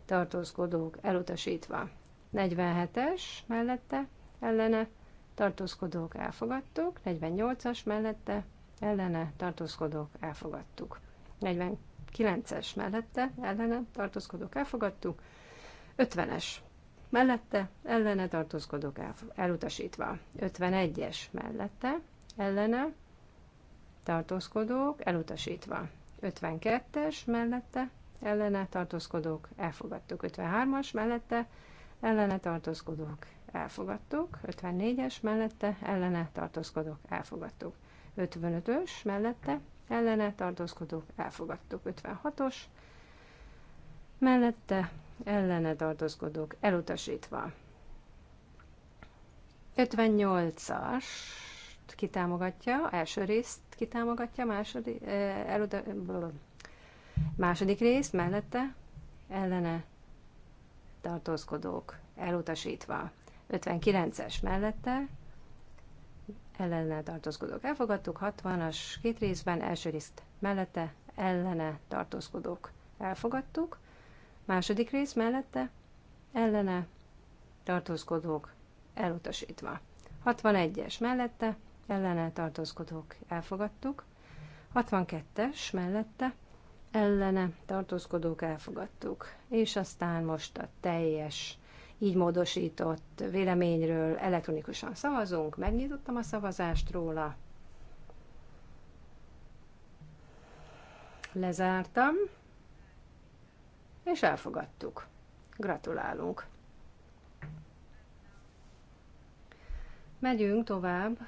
tartózkodók elutasítva. 47-es mellette ellene tartózkodók elfogadtuk, 48-as mellette ellene tartózkodók elfogadtuk. 9-es mellette, ellene tartózkodók elfogadtuk, 50-es mellette, ellene tartózkodók elutasítva, 51-es mellette, ellene tartózkodók elutasítva, 52-es mellette, ellene tartózkodók elfogadtuk, 53-as mellette, ellene tartózkodók elfogadtuk, 54-es mellette, ellene tartózkodók elfogadtuk, 55-ös mellette, ellene tartózkodók elfogadtuk. 56-os mellette ellene tartózkodók elutasítva. 58-as kitámogatja, első részt kitámogatja, második, eh, eluda, eh, második részt mellette ellene tartózkodók elutasítva. 59-es mellette ellene tartózkodók elfogadtuk, 60-as két részben, első részt mellette, ellene tartózkodók elfogadtuk, második rész mellette, ellene tartózkodók elutasítva. 61-es mellette, ellene tartózkodók elfogadtuk, 62-es mellette, ellene tartózkodók elfogadtuk, és aztán most a teljes így módosított véleményről elektronikusan szavazunk. Megnyitottam a szavazást róla. Lezártam, és elfogadtuk. Gratulálunk! Megyünk tovább.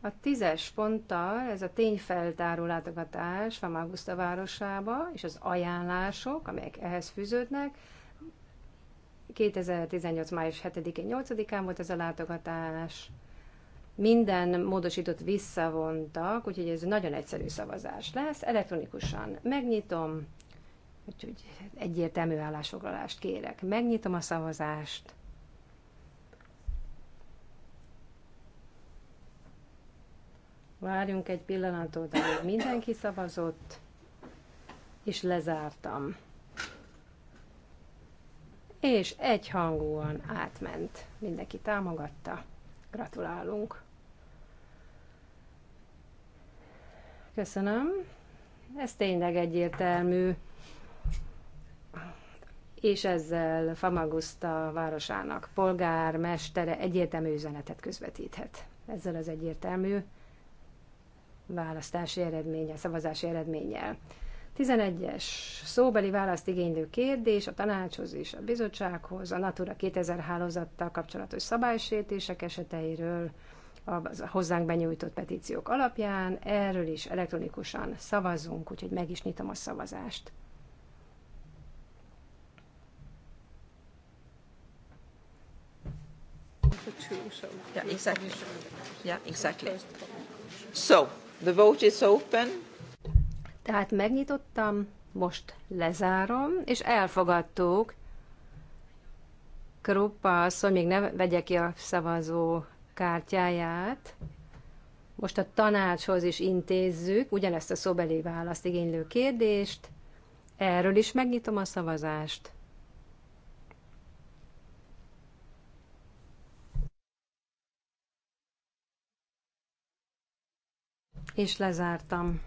A tízes ponttal, ez a tényfeltáró látogatás Famagusta városába, és az ajánlások, amelyek ehhez fűződnek, 2018. május 7-én, 8-án volt ez a látogatás. Minden módosított visszavontak, úgyhogy ez nagyon egyszerű szavazás lesz. Elektronikusan megnyitom, úgyhogy egyértelmű állásfoglalást kérek. Megnyitom a szavazást. Várjunk egy pillanatot, amíg mindenki szavazott, és lezártam és egyhangúan átment. Mindenki támogatta. Gratulálunk! Köszönöm. Ez tényleg egyértelmű. És ezzel Famagusta városának polgármestere egyértelmű üzenetet közvetíthet. Ezzel az egyértelmű választási eredménye, szavazási eredménnyel. 11-es szóbeli választ igénylő kérdés a tanácshoz és a bizottsághoz a Natura 2000 hálózattal kapcsolatos szabálysértések eseteiről a hozzánk benyújtott petíciók alapján. Erről is elektronikusan szavazunk, úgyhogy meg is nyitom a szavazást. Yeah, exactly. Yeah, exactly. So, the vote is open. Tehát megnyitottam, most lezárom, és elfogadtuk. Kruppa hogy még ne vegye ki a szavazó kártyáját. Most a tanácshoz is intézzük ugyanezt a szóbeli választ igénylő kérdést. Erről is megnyitom a szavazást. És lezártam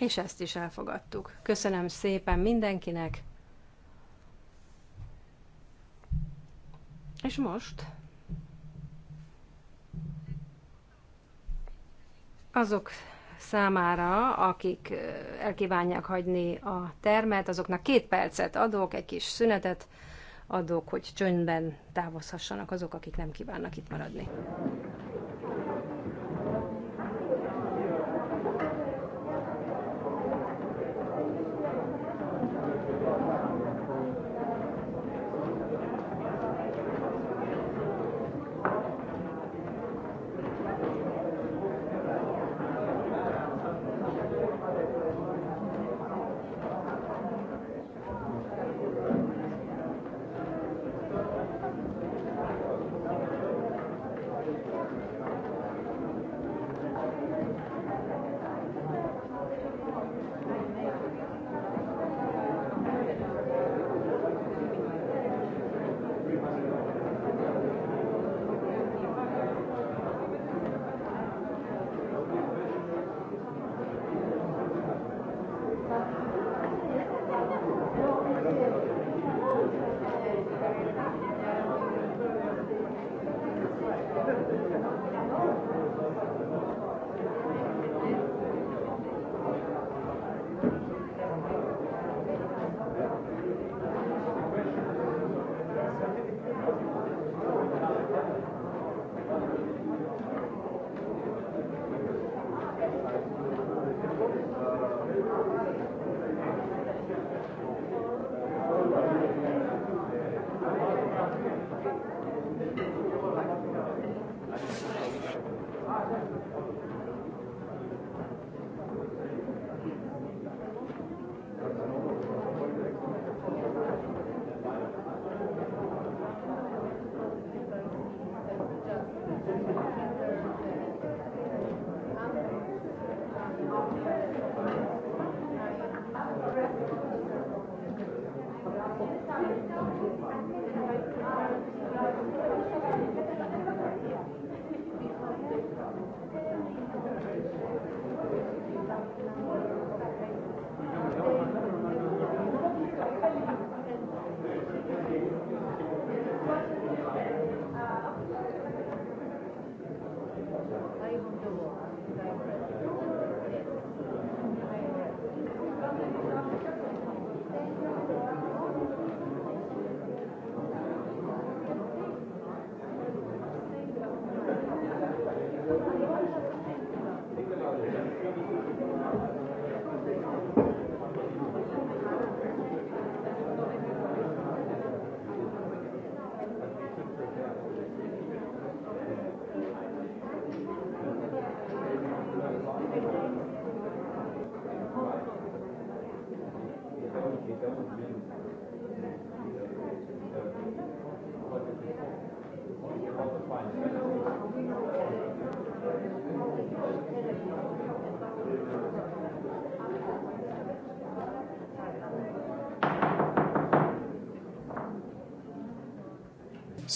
és ezt is elfogadtuk. Köszönöm szépen mindenkinek, és most azok számára, akik elkívánják hagyni a termet, azoknak két percet adok, egy kis szünetet adok, hogy csöndben távozhassanak azok, akik nem kívánnak itt maradni.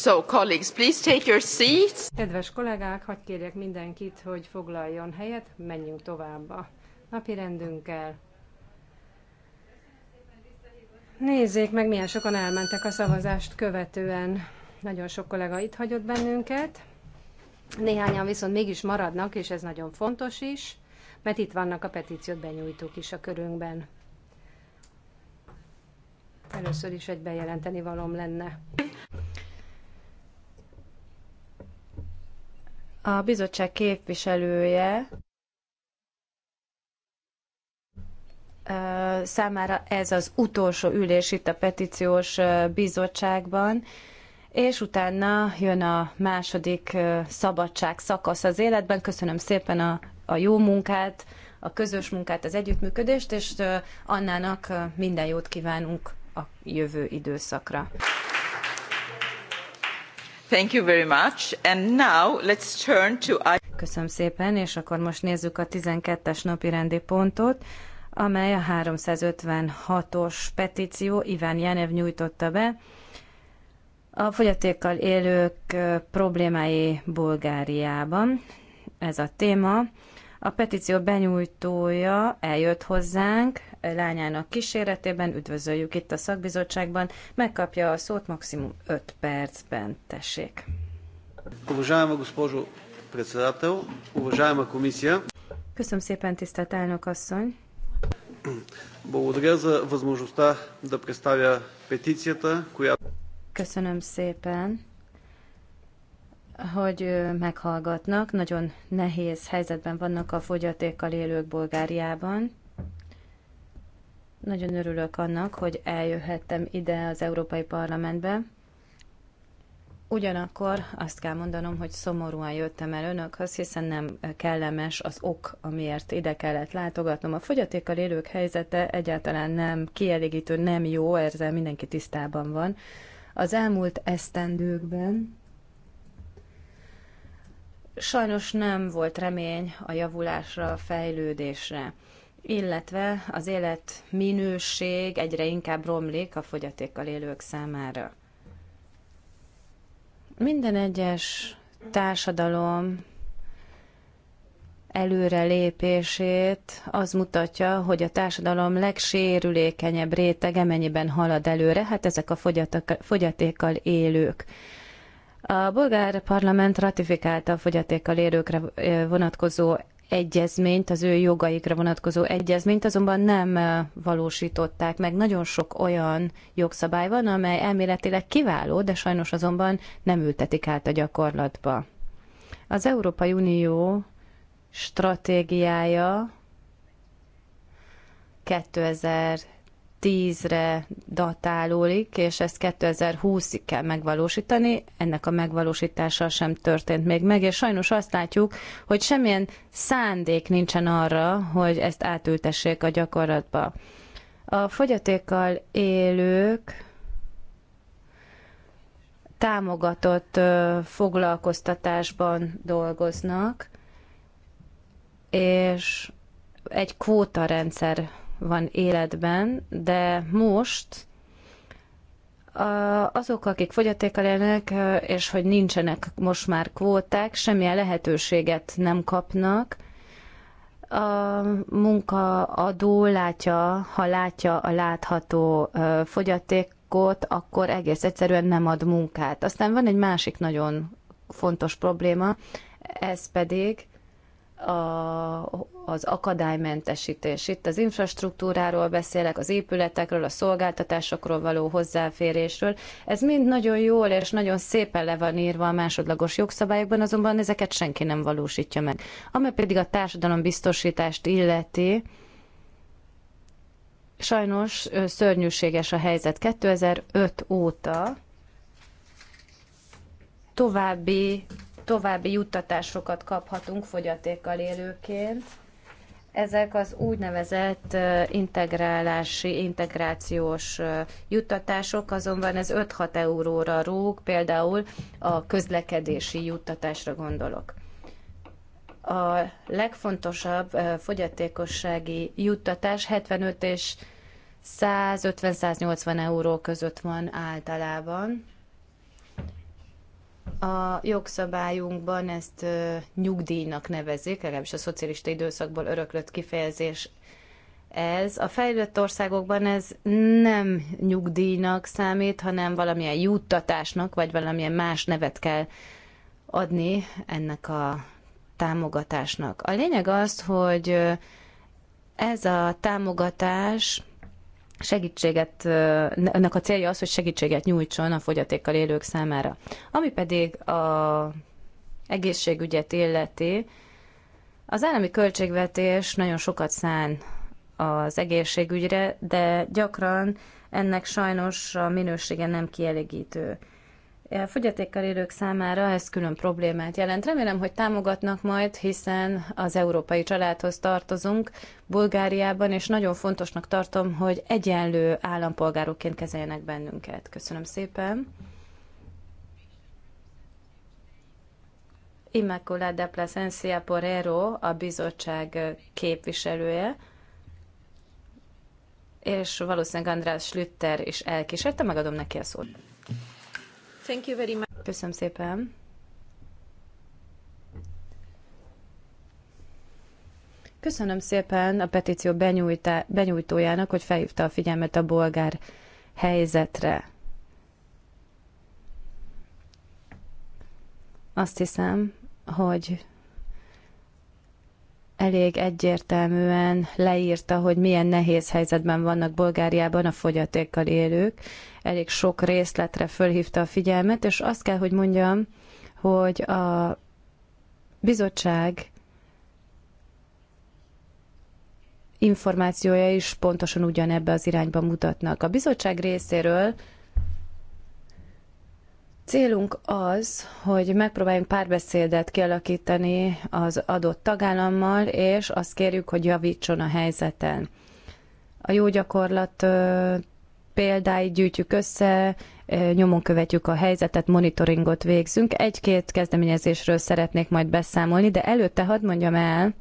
So, colleagues, please take your seats. Kedves kollégák, hadd kérjek mindenkit, hogy foglaljon helyet, menjünk tovább a napi rendünkkel. Nézzék meg, milyen sokan elmentek a szavazást követően. Nagyon sok kollega itt hagyott bennünket. Néhányan viszont mégis maradnak, és ez nagyon fontos is, mert itt vannak a petíciót benyújtók is a körünkben. Először is egy bejelenteni valom lenne. A bizottság képviselője számára ez az utolsó ülés itt a petíciós bizottságban, és utána jön a második szabadság szakasz az életben. Köszönöm szépen a, a jó munkát, a közös munkát, az együttműködést, és Annának minden jót kívánunk a jövő időszakra. Thank you very much. And now let's turn to... Köszönöm szépen, és akkor most nézzük a 12-es napi rendi pontot, amely a 356-os petíció Iván Jánev nyújtotta be, a fogyatékkal élők problémái Bulgáriában. Ez a téma. A petíció benyújtója eljött hozzánk, lányának kíséretében, üdvözöljük itt a szakbizottságban, megkapja a szót maximum 5 percben. Tessék! Уважаема госпожо председател, уважаема комисия. Köszönöm szépen, tisztelt elnök asszony. Благодаря за възможността да представя петицията, която... Köszönöm szépen, hogy meghallgatnak. Nagyon nehéz helyzetben vannak a fogyatékkal élők Bulgáriában. Nagyon örülök annak, hogy eljöhettem ide az Európai Parlamentbe. Ugyanakkor azt kell mondanom, hogy szomorúan jöttem el önökhöz, hiszen nem kellemes az ok, amiért ide kellett látogatnom. A fogyatékkal élők helyzete egyáltalán nem kielégítő, nem jó, ezzel mindenki tisztában van. Az elmúlt esztendőkben sajnos nem volt remény a javulásra, a fejlődésre illetve az élet minőség egyre inkább romlik a fogyatékkal élők számára. Minden egyes társadalom előrelépését az mutatja, hogy a társadalom legsérülékenyebb rétege mennyiben halad előre, hát ezek a fogyatékkal élők. A bolgár parlament ratifikálta a fogyatékkal élőkre vonatkozó egyezményt, az ő jogaikra vonatkozó egyezményt azonban nem valósították meg. Nagyon sok olyan jogszabály van, amely elméletileg kiváló, de sajnos azonban nem ültetik át a gyakorlatba. Az Európai Unió stratégiája 2000 2010-re datálódik, és ezt 2020-ig kell megvalósítani. Ennek a megvalósítása sem történt még meg, és sajnos azt látjuk, hogy semmilyen szándék nincsen arra, hogy ezt átültessék a gyakorlatba. A fogyatékkal élők támogatott foglalkoztatásban dolgoznak, és egy kvótarendszer van életben, de most azok, akik fogyatékkal élnek, és hogy nincsenek most már kvóták, semmilyen lehetőséget nem kapnak. A munkaadó látja, ha látja a látható fogyatékot, akkor egész egyszerűen nem ad munkát. Aztán van egy másik nagyon fontos probléma, ez pedig a, az akadálymentesítés. Itt az infrastruktúráról beszélek, az épületekről, a szolgáltatásokról való hozzáférésről. Ez mind nagyon jól és nagyon szépen le van írva a másodlagos jogszabályokban, azonban ezeket senki nem valósítja meg. Ami pedig a biztosítást illeti, sajnos szörnyűséges a helyzet. 2005 óta további további juttatásokat kaphatunk fogyatékkal élőként. Ezek az úgynevezett integrálási, integrációs juttatások, azonban ez 5-6 euróra rúg, például a közlekedési juttatásra gondolok. A legfontosabb fogyatékossági juttatás 75 és 150-180 euró között van általában. A jogszabályunkban ezt nyugdíjnak nevezik, legalábbis a szocialista időszakból öröklött kifejezés ez. A fejlődött országokban ez nem nyugdíjnak számít, hanem valamilyen juttatásnak, vagy valamilyen más nevet kell adni ennek a támogatásnak. A lényeg az, hogy ez a támogatás segítséget, ennek a célja az, hogy segítséget nyújtson a fogyatékkal élők számára. Ami pedig a egészségügyet illeti, az állami költségvetés nagyon sokat szán az egészségügyre, de gyakran ennek sajnos a minősége nem kielégítő. E, fogyatékkal élők számára ez külön problémát jelent. Remélem, hogy támogatnak majd, hiszen az európai családhoz tartozunk Bulgáriában, és nagyon fontosnak tartom, hogy egyenlő állampolgárokként kezeljenek bennünket. Köszönöm szépen. Immaculada Plasencia Porero a bizottság képviselője, és valószínűleg András Lütter is elkísérte, megadom neki a szót. Thank you very much. Köszönöm szépen. Köszönöm szépen a petíció benyújtá, benyújtójának, hogy felhívta a figyelmet a bolgár helyzetre. Azt hiszem, hogy elég egyértelműen leírta, hogy milyen nehéz helyzetben vannak Bulgáriában a fogyatékkal élők. Elég sok részletre fölhívta a figyelmet, és azt kell, hogy mondjam, hogy a bizottság információja is pontosan ugyanebbe az irányba mutatnak. A bizottság részéről Célunk az, hogy megpróbáljunk párbeszédet kialakítani az adott tagállammal, és azt kérjük, hogy javítson a helyzeten. A jó gyakorlat példáit gyűjtjük össze, nyomon követjük a helyzetet, monitoringot végzünk. Egy-két kezdeményezésről szeretnék majd beszámolni, de előtte hadd mondjam el,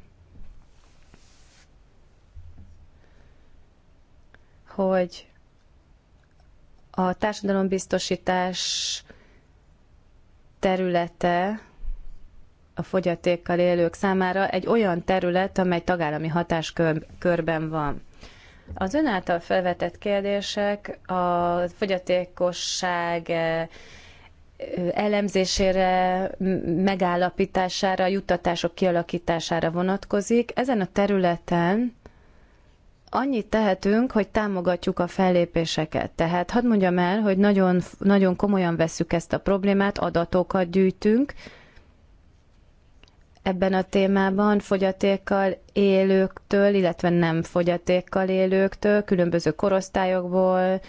hogy a társadalombiztosítás területe a fogyatékkal élők számára egy olyan terület, amely tagállami hatáskörben van. Az ön által felvetett kérdések a fogyatékosság eh, elemzésére, megállapítására, juttatások kialakítására vonatkozik. Ezen a területen annyit tehetünk, hogy támogatjuk a fellépéseket. Tehát hadd mondjam el, hogy nagyon, nagyon komolyan vesszük ezt a problémát, adatokat gyűjtünk ebben a témában fogyatékkal élőktől, illetve nem fogyatékkal élőktől, különböző korosztályokból,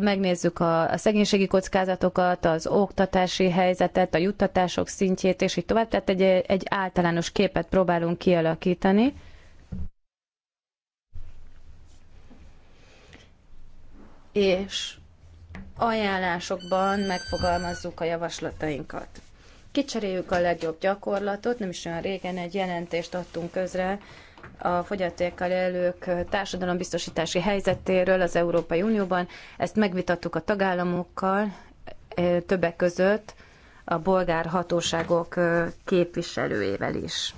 megnézzük a, a szegénységi kockázatokat, az oktatási helyzetet, a juttatások szintjét, és így tovább. Tehát egy, egy általános képet próbálunk kialakítani. és ajánlásokban megfogalmazzuk a javaslatainkat. Kicseréljük a legjobb gyakorlatot, nem is olyan régen egy jelentést adtunk közre a fogyatékkal élők társadalombiztosítási helyzetéről az Európai Unióban. Ezt megvitattuk a tagállamokkal, eh, többek között a bolgár hatóságok eh, képviselőjével is.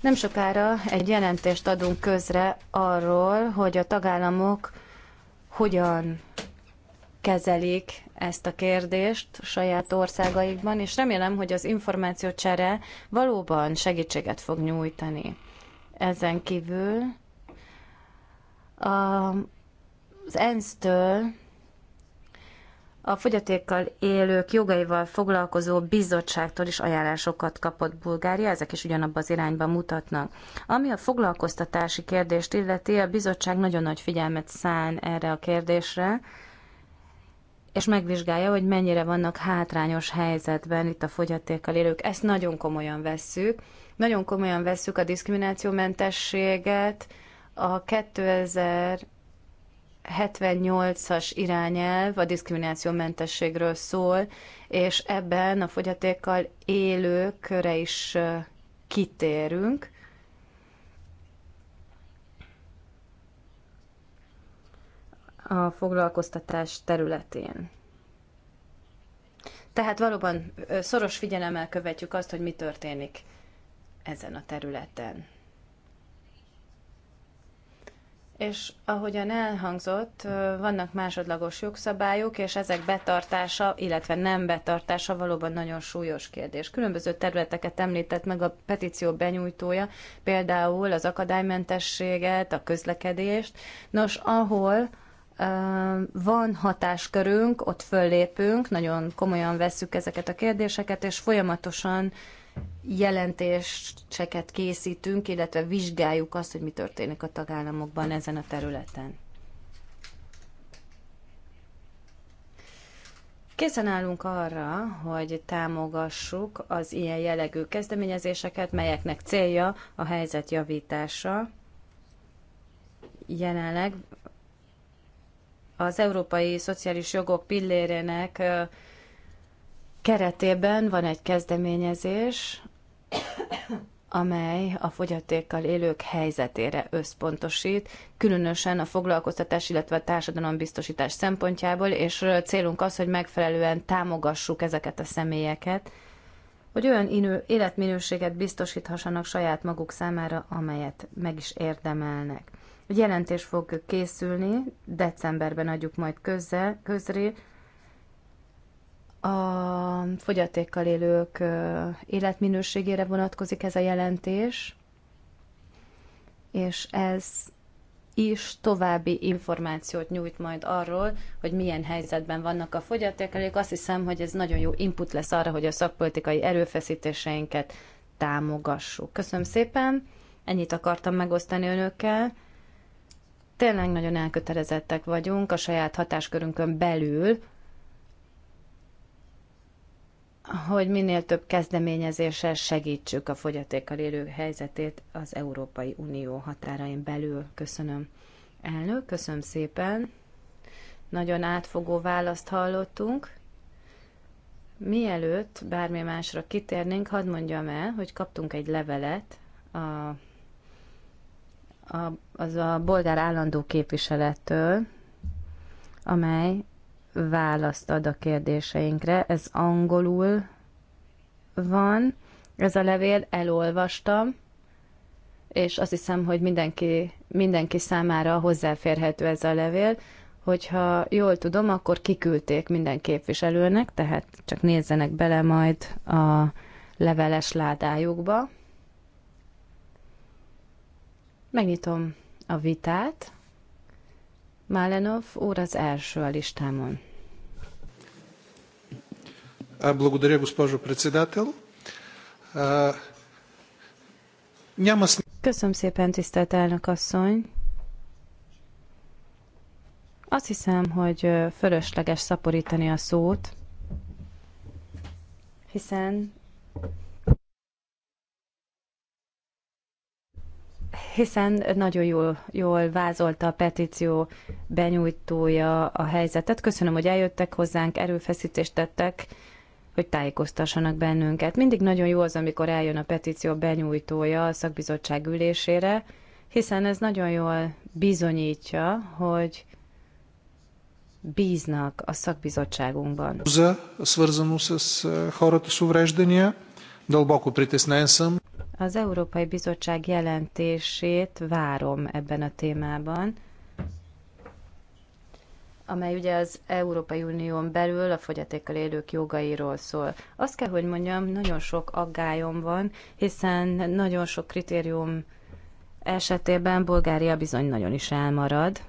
Nem sokára egy jelentést adunk közre arról, hogy a tagállamok hogyan kezelik ezt a kérdést saját országaikban, és remélem, hogy az információcsere valóban segítséget fog nyújtani. Ezen kívül a, az ENSZ-től a fogyatékkal élők jogaival foglalkozó bizottságtól is ajánlásokat kapott Bulgária, ezek is ugyanabba az irányba mutatnak. Ami a foglalkoztatási kérdést illeti, a bizottság nagyon nagy figyelmet szán erre a kérdésre, és megvizsgálja, hogy mennyire vannak hátrányos helyzetben itt a fogyatékkal élők. Ezt nagyon komolyan vesszük. Nagyon komolyan vesszük a diszkriminációmentességet, a 2000 78-as irányelv a diszkriminációmentességről szól, és ebben a fogyatékkal élőkre is kitérünk. a foglalkoztatás területén. Tehát valóban szoros figyelemmel követjük azt, hogy mi történik ezen a területen és ahogyan elhangzott, vannak másodlagos jogszabályok, és ezek betartása, illetve nem betartása valóban nagyon súlyos kérdés. Különböző területeket említett meg a petíció benyújtója, például az akadálymentességet, a közlekedést. Nos, ahol van hatáskörünk, ott föllépünk, nagyon komolyan vesszük ezeket a kérdéseket, és folyamatosan jelentéseket készítünk, illetve vizsgáljuk azt, hogy mi történik a tagállamokban ezen a területen. Készen állunk arra, hogy támogassuk az ilyen jellegű kezdeményezéseket, melyeknek célja a helyzet javítása. Jelenleg az Európai Szociális Jogok pillérének keretében van egy kezdeményezés, amely a fogyatékkal élők helyzetére összpontosít, különösen a foglalkoztatás, illetve a társadalombiztosítás szempontjából, és célunk az, hogy megfelelően támogassuk ezeket a személyeket, hogy olyan inő, életminőséget biztosíthassanak saját maguk számára, amelyet meg is érdemelnek. Egy jelentés fog készülni, decemberben adjuk majd közre. A fogyatékkal élők életminőségére vonatkozik ez a jelentés, és ez is további információt nyújt majd arról, hogy milyen helyzetben vannak a fogyatékelők. Azt hiszem, hogy ez nagyon jó input lesz arra, hogy a szakpolitikai erőfeszítéseinket támogassuk. Köszönöm szépen, ennyit akartam megosztani önökkel. Tényleg nagyon elkötelezettek vagyunk a saját hatáskörünkön belül hogy minél több kezdeményezéssel segítsük a fogyatékkal élő helyzetét az Európai Unió határain belül. Köszönöm. Elnök, köszönöm szépen. Nagyon átfogó választ hallottunk. Mielőtt bármi másra kitérnénk, hadd mondjam el, hogy kaptunk egy levelet a, a, az a bolgár állandó képviselettől, amely választ ad a kérdéseinkre. Ez angolul van, ez a levél, elolvastam, és azt hiszem, hogy mindenki, mindenki számára hozzáférhető ez a levél. Hogyha jól tudom, akkor kiküldték minden képviselőnek, tehát csak nézzenek bele majd a leveles ládájukba. Megnyitom a vitát. Málenov úr az első a listámon. Благодаря, госпожо председател. Няма Köszönöm szépen, tisztelt elnök asszony. Azt hiszem, hogy fölösleges szaporítani a szót, hiszen hiszen nagyon jól, jól vázolta a petíció benyújtója a helyzetet. Köszönöm, hogy eljöttek hozzánk, erőfeszítést tettek hogy tájékoztassanak bennünket. Mindig nagyon jó az, amikor eljön a petíció benyújtója a szakbizottság ülésére, hiszen ez nagyon jól bizonyítja, hogy bíznak a szakbizottságunkban. E, az Európai Bizottság jelentését várom ebben a témában amely ugye az Európai Unión belül a fogyatékkal élők jogairól szól. Azt kell, hogy mondjam, nagyon sok aggályom van, hiszen nagyon sok kritérium esetében Bulgária bizony nagyon is elmarad.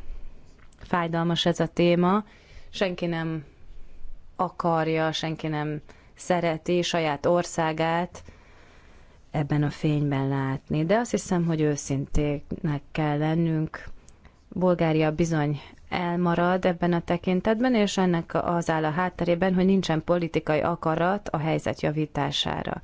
Fájdalmas ez a téma, senki nem akarja, senki nem szereti saját országát ebben a fényben látni. De azt hiszem, hogy őszintének kell lennünk. Bulgária bizony elmarad ebben a tekintetben, és ennek az áll a hátterében, hogy nincsen politikai akarat a helyzet javítására.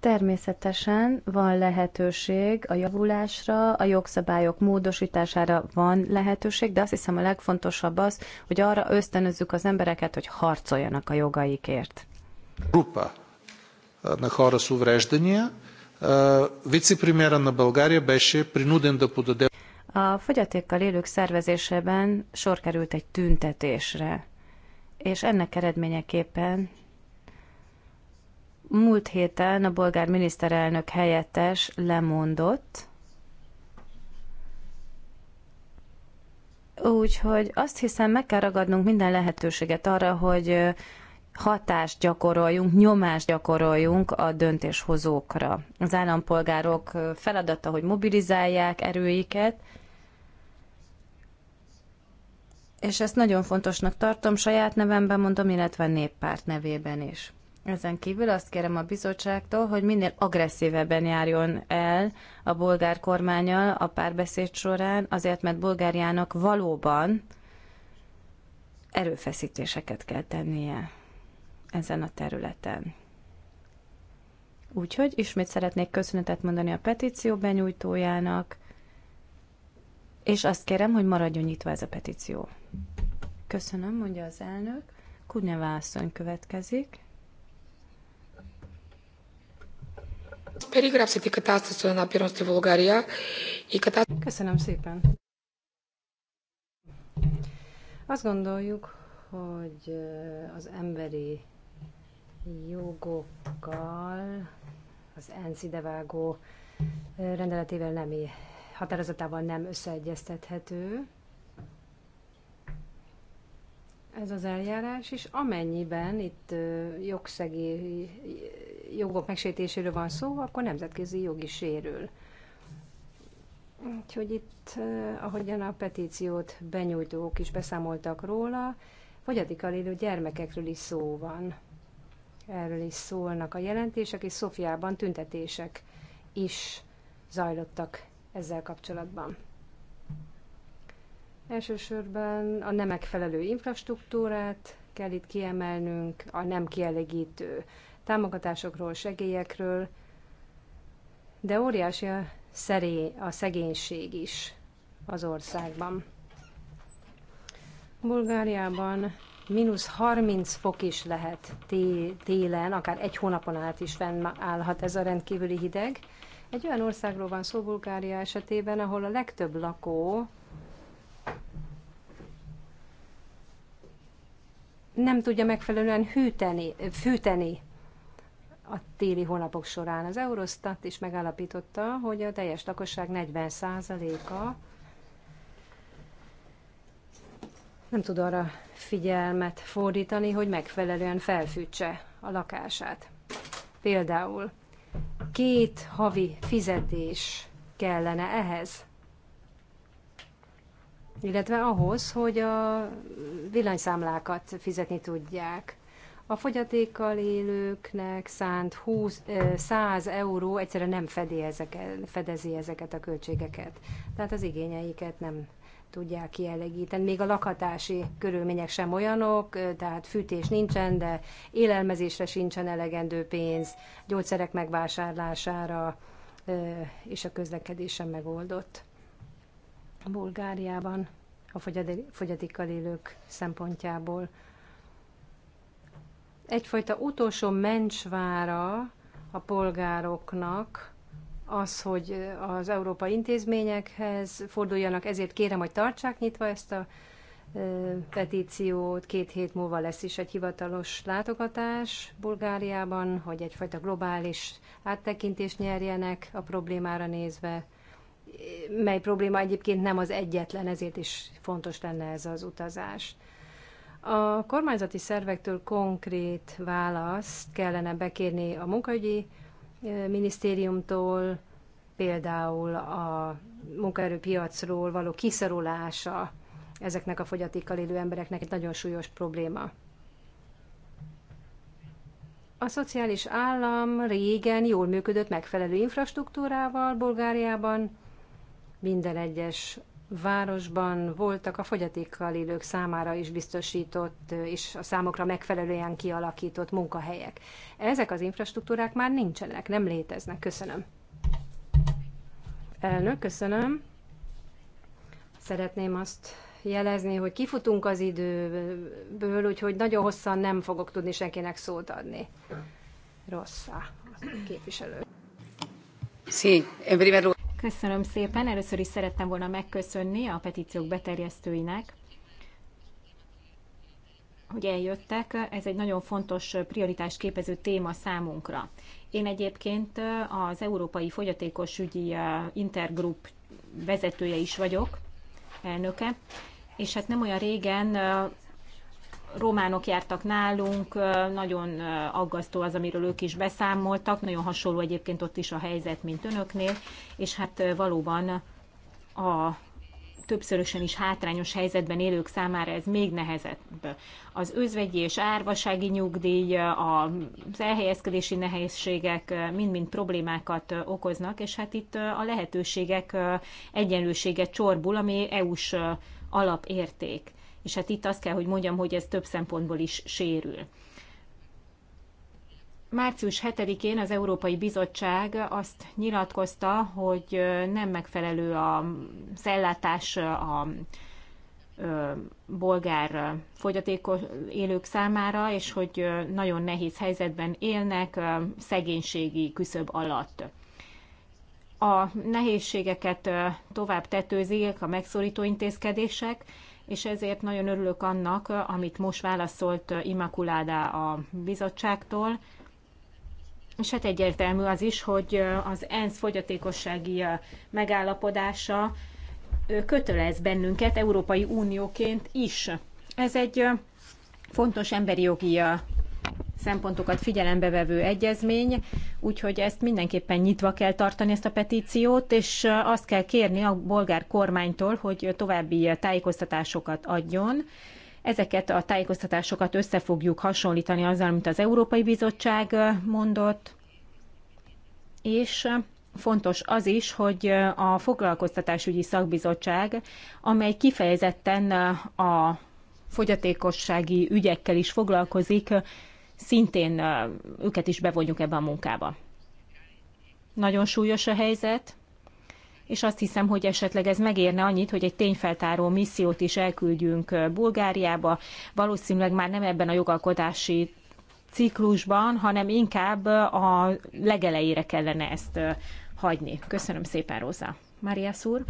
Természetesen van lehetőség a javulásra, a jogszabályok módosítására van lehetőség, de azt hiszem a legfontosabb az, hogy arra ösztönözzük az embereket, hogy harcoljanak a jogaikért. Grupa eh, na hora s вице на България беше принуден да подаде a fogyatékkal élők szervezésében sor került egy tüntetésre, és ennek eredményeképpen múlt héten a bolgár miniszterelnök helyettes lemondott, Úgyhogy azt hiszem meg kell ragadnunk minden lehetőséget arra, hogy hatást gyakoroljunk, nyomást gyakoroljunk a döntéshozókra. Az állampolgárok feladata, hogy mobilizálják erőiket, és ezt nagyon fontosnak tartom, saját nevemben mondom, illetve a néppárt nevében is. Ezen kívül azt kérem a bizottságtól, hogy minél agresszívebben járjon el a bolgár kormányal a párbeszéd során, azért mert bolgáriának valóban erőfeszítéseket kell tennie ezen a területen. Úgyhogy ismét szeretnék köszönetet mondani a petíció benyújtójának, és azt kérem, hogy maradjon nyitva ez a petíció. Köszönöm, mondja az elnök. Kuneva asszony következik. Köszönöm szépen. Azt gondoljuk, hogy э, az emberi jogokkal, az ENSZ idevágó rendeletével nem határozatával nem összeegyeztethető ez az eljárás, és amennyiben itt jogszegi jogok megsértéséről van szó, akkor nemzetközi jogi is sérül. Úgyhogy itt, ahogyan a petíciót benyújtók is beszámoltak róla, fogyatékkal élő gyermekekről is szó van erről is szólnak a jelentések, és Szofiában tüntetések is zajlottak ezzel kapcsolatban. Elsősorban a nem megfelelő infrastruktúrát kell itt kiemelnünk, a nem kielégítő támogatásokról, segélyekről, de óriási a, szeré, a szegénység is az országban. Bulgáriában mínusz 30 fok is lehet télen, akár egy hónapon át is állhat ez a rendkívüli hideg. Egy olyan országról van szó, Bulgária esetében, ahol a legtöbb lakó nem tudja megfelelően hűteni, fűteni a téli hónapok során. Az Eurostat is megállapította, hogy a teljes lakosság 40%-a nem tud arra figyelmet fordítani, hogy megfelelően felfűtse a lakását. Például két havi fizetés kellene ehhez, illetve ahhoz, hogy a villanyszámlákat fizetni tudják. A fogyatékkal élőknek szánt 20, 100 euró egyszerűen nem fedi ezeket, fedezi ezeket a költségeket. Tehát az igényeiket nem tudják kielégíteni. Még a lakhatási körülmények sem olyanok, tehát fűtés nincsen, de élelmezésre sincsen elegendő pénz, gyógyszerek megvásárlására és a közlekedés sem megoldott. A Bulgáriában a fogyatékkal élők szempontjából. Egyfajta utolsó mencsvára a polgároknak, az, hogy az európai intézményekhez forduljanak, ezért kérem, hogy tartsák nyitva ezt a petíciót. Két hét múlva lesz is egy hivatalos látogatás Bulgáriában, hogy egyfajta globális áttekintést nyerjenek a problémára nézve, mely probléma egyébként nem az egyetlen, ezért is fontos lenne ez az utazás. A kormányzati szervektől konkrét választ kellene bekérni a munkaügyi minisztériumtól, például a munkaerőpiacról való kiszorulása ezeknek a fogyatékkal élő embereknek egy nagyon súlyos probléma. A szociális állam régen jól működött megfelelő infrastruktúrával Bulgáriában, minden egyes városban voltak a fogyatékkal élők számára is biztosított és a számokra megfelelően kialakított munkahelyek. Ezek az infrastruktúrák már nincsenek, nem léteznek. Köszönöm. Elnök, köszönöm. Szeretném azt jelezni, hogy kifutunk az időből, úgyhogy nagyon hosszan nem fogok tudni senkinek szót adni. a képviselő. Sí, en primer lugar. Köszönöm szépen. Először is szerettem volna megköszönni a petíciók beterjesztőinek, hogy eljöttek. Ez egy nagyon fontos prioritás képező téma számunkra. Én egyébként az Európai Ügyi eh, Intergroup vezetője is vagyok, elnöke, és hát nem olyan régen eh, románok jártak nálunk, nagyon aggasztó az, amiről ők is beszámoltak, nagyon hasonló egyébként ott is a helyzet, mint önöknél, és hát valóban a többszörösen is hátrányos helyzetben élők számára ez még nehezebb. Az özvegyi és árvasági nyugdíj, az elhelyezkedési nehézségek mind-mind problémákat okoznak, és hát itt a lehetőségek egyenlősége csorbul, ami EU-s alapérték és hát itt azt kell, hogy mondjam, hogy ez több szempontból is sérül. Március 7-én az Európai Bizottság azt nyilatkozta, hogy nem megfelelő a szellátás a bolgár fogyatékos élők számára, és hogy nagyon nehéz helyzetben élnek szegénységi küszöb alatt. A nehézségeket tovább tetőzik a megszorító intézkedések, és ezért nagyon örülök annak, amit most válaszolt Immaculada a bizottságtól, és hát egyértelmű az is, hogy az ENSZ fogyatékossági megállapodása kötelez bennünket Európai Unióként is. Ez egy fontos emberi jogi szempontokat figyelembe vevő egyezmény, úgyhogy ezt mindenképpen nyitva kell tartani, ezt a petíciót, és azt kell kérni a bolgár kormánytól, hogy további tájékoztatásokat adjon. Ezeket a tájékoztatásokat össze fogjuk hasonlítani azzal, amit az Európai Bizottság mondott, és fontos az is, hogy a foglalkoztatásügyi szakbizottság, amely kifejezetten a fogyatékossági ügyekkel is foglalkozik, szintén őket is bevonjuk ebbe a munkába. Nagyon súlyos a helyzet, és azt hiszem, hogy esetleg ez megérne annyit, hogy egy tényfeltáró missziót is elküldjünk Bulgáriába. Valószínűleg már nem ebben a jogalkotási ciklusban, hanem inkább a legelejére kellene ezt hagyni. Köszönöm szépen, Róza. Máriász Szúr.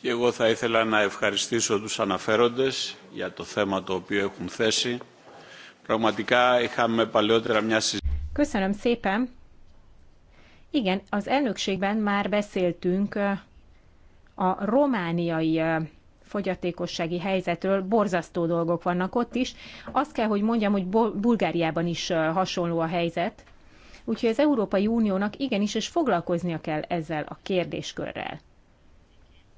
Και εγώ θα ήθελα να ευχαριστήσω τους αναφέροντες για το θέμα το οποίο έχουν θέσει. Πραγματικά είχαμε παλαιότερα μια συζήτηση. Köszönöm szépen. Igen, az elnökségben már beszéltünk a romániai fogyatékossági helyzetről, borzasztó dolgok vannak ott is. Azt kell, hogy mondjam, hogy Bulgáriában is hasonló a helyzet, úgyhogy az Európai Uniónak igenis, és foglalkoznia kell ezzel a kérdéskörrel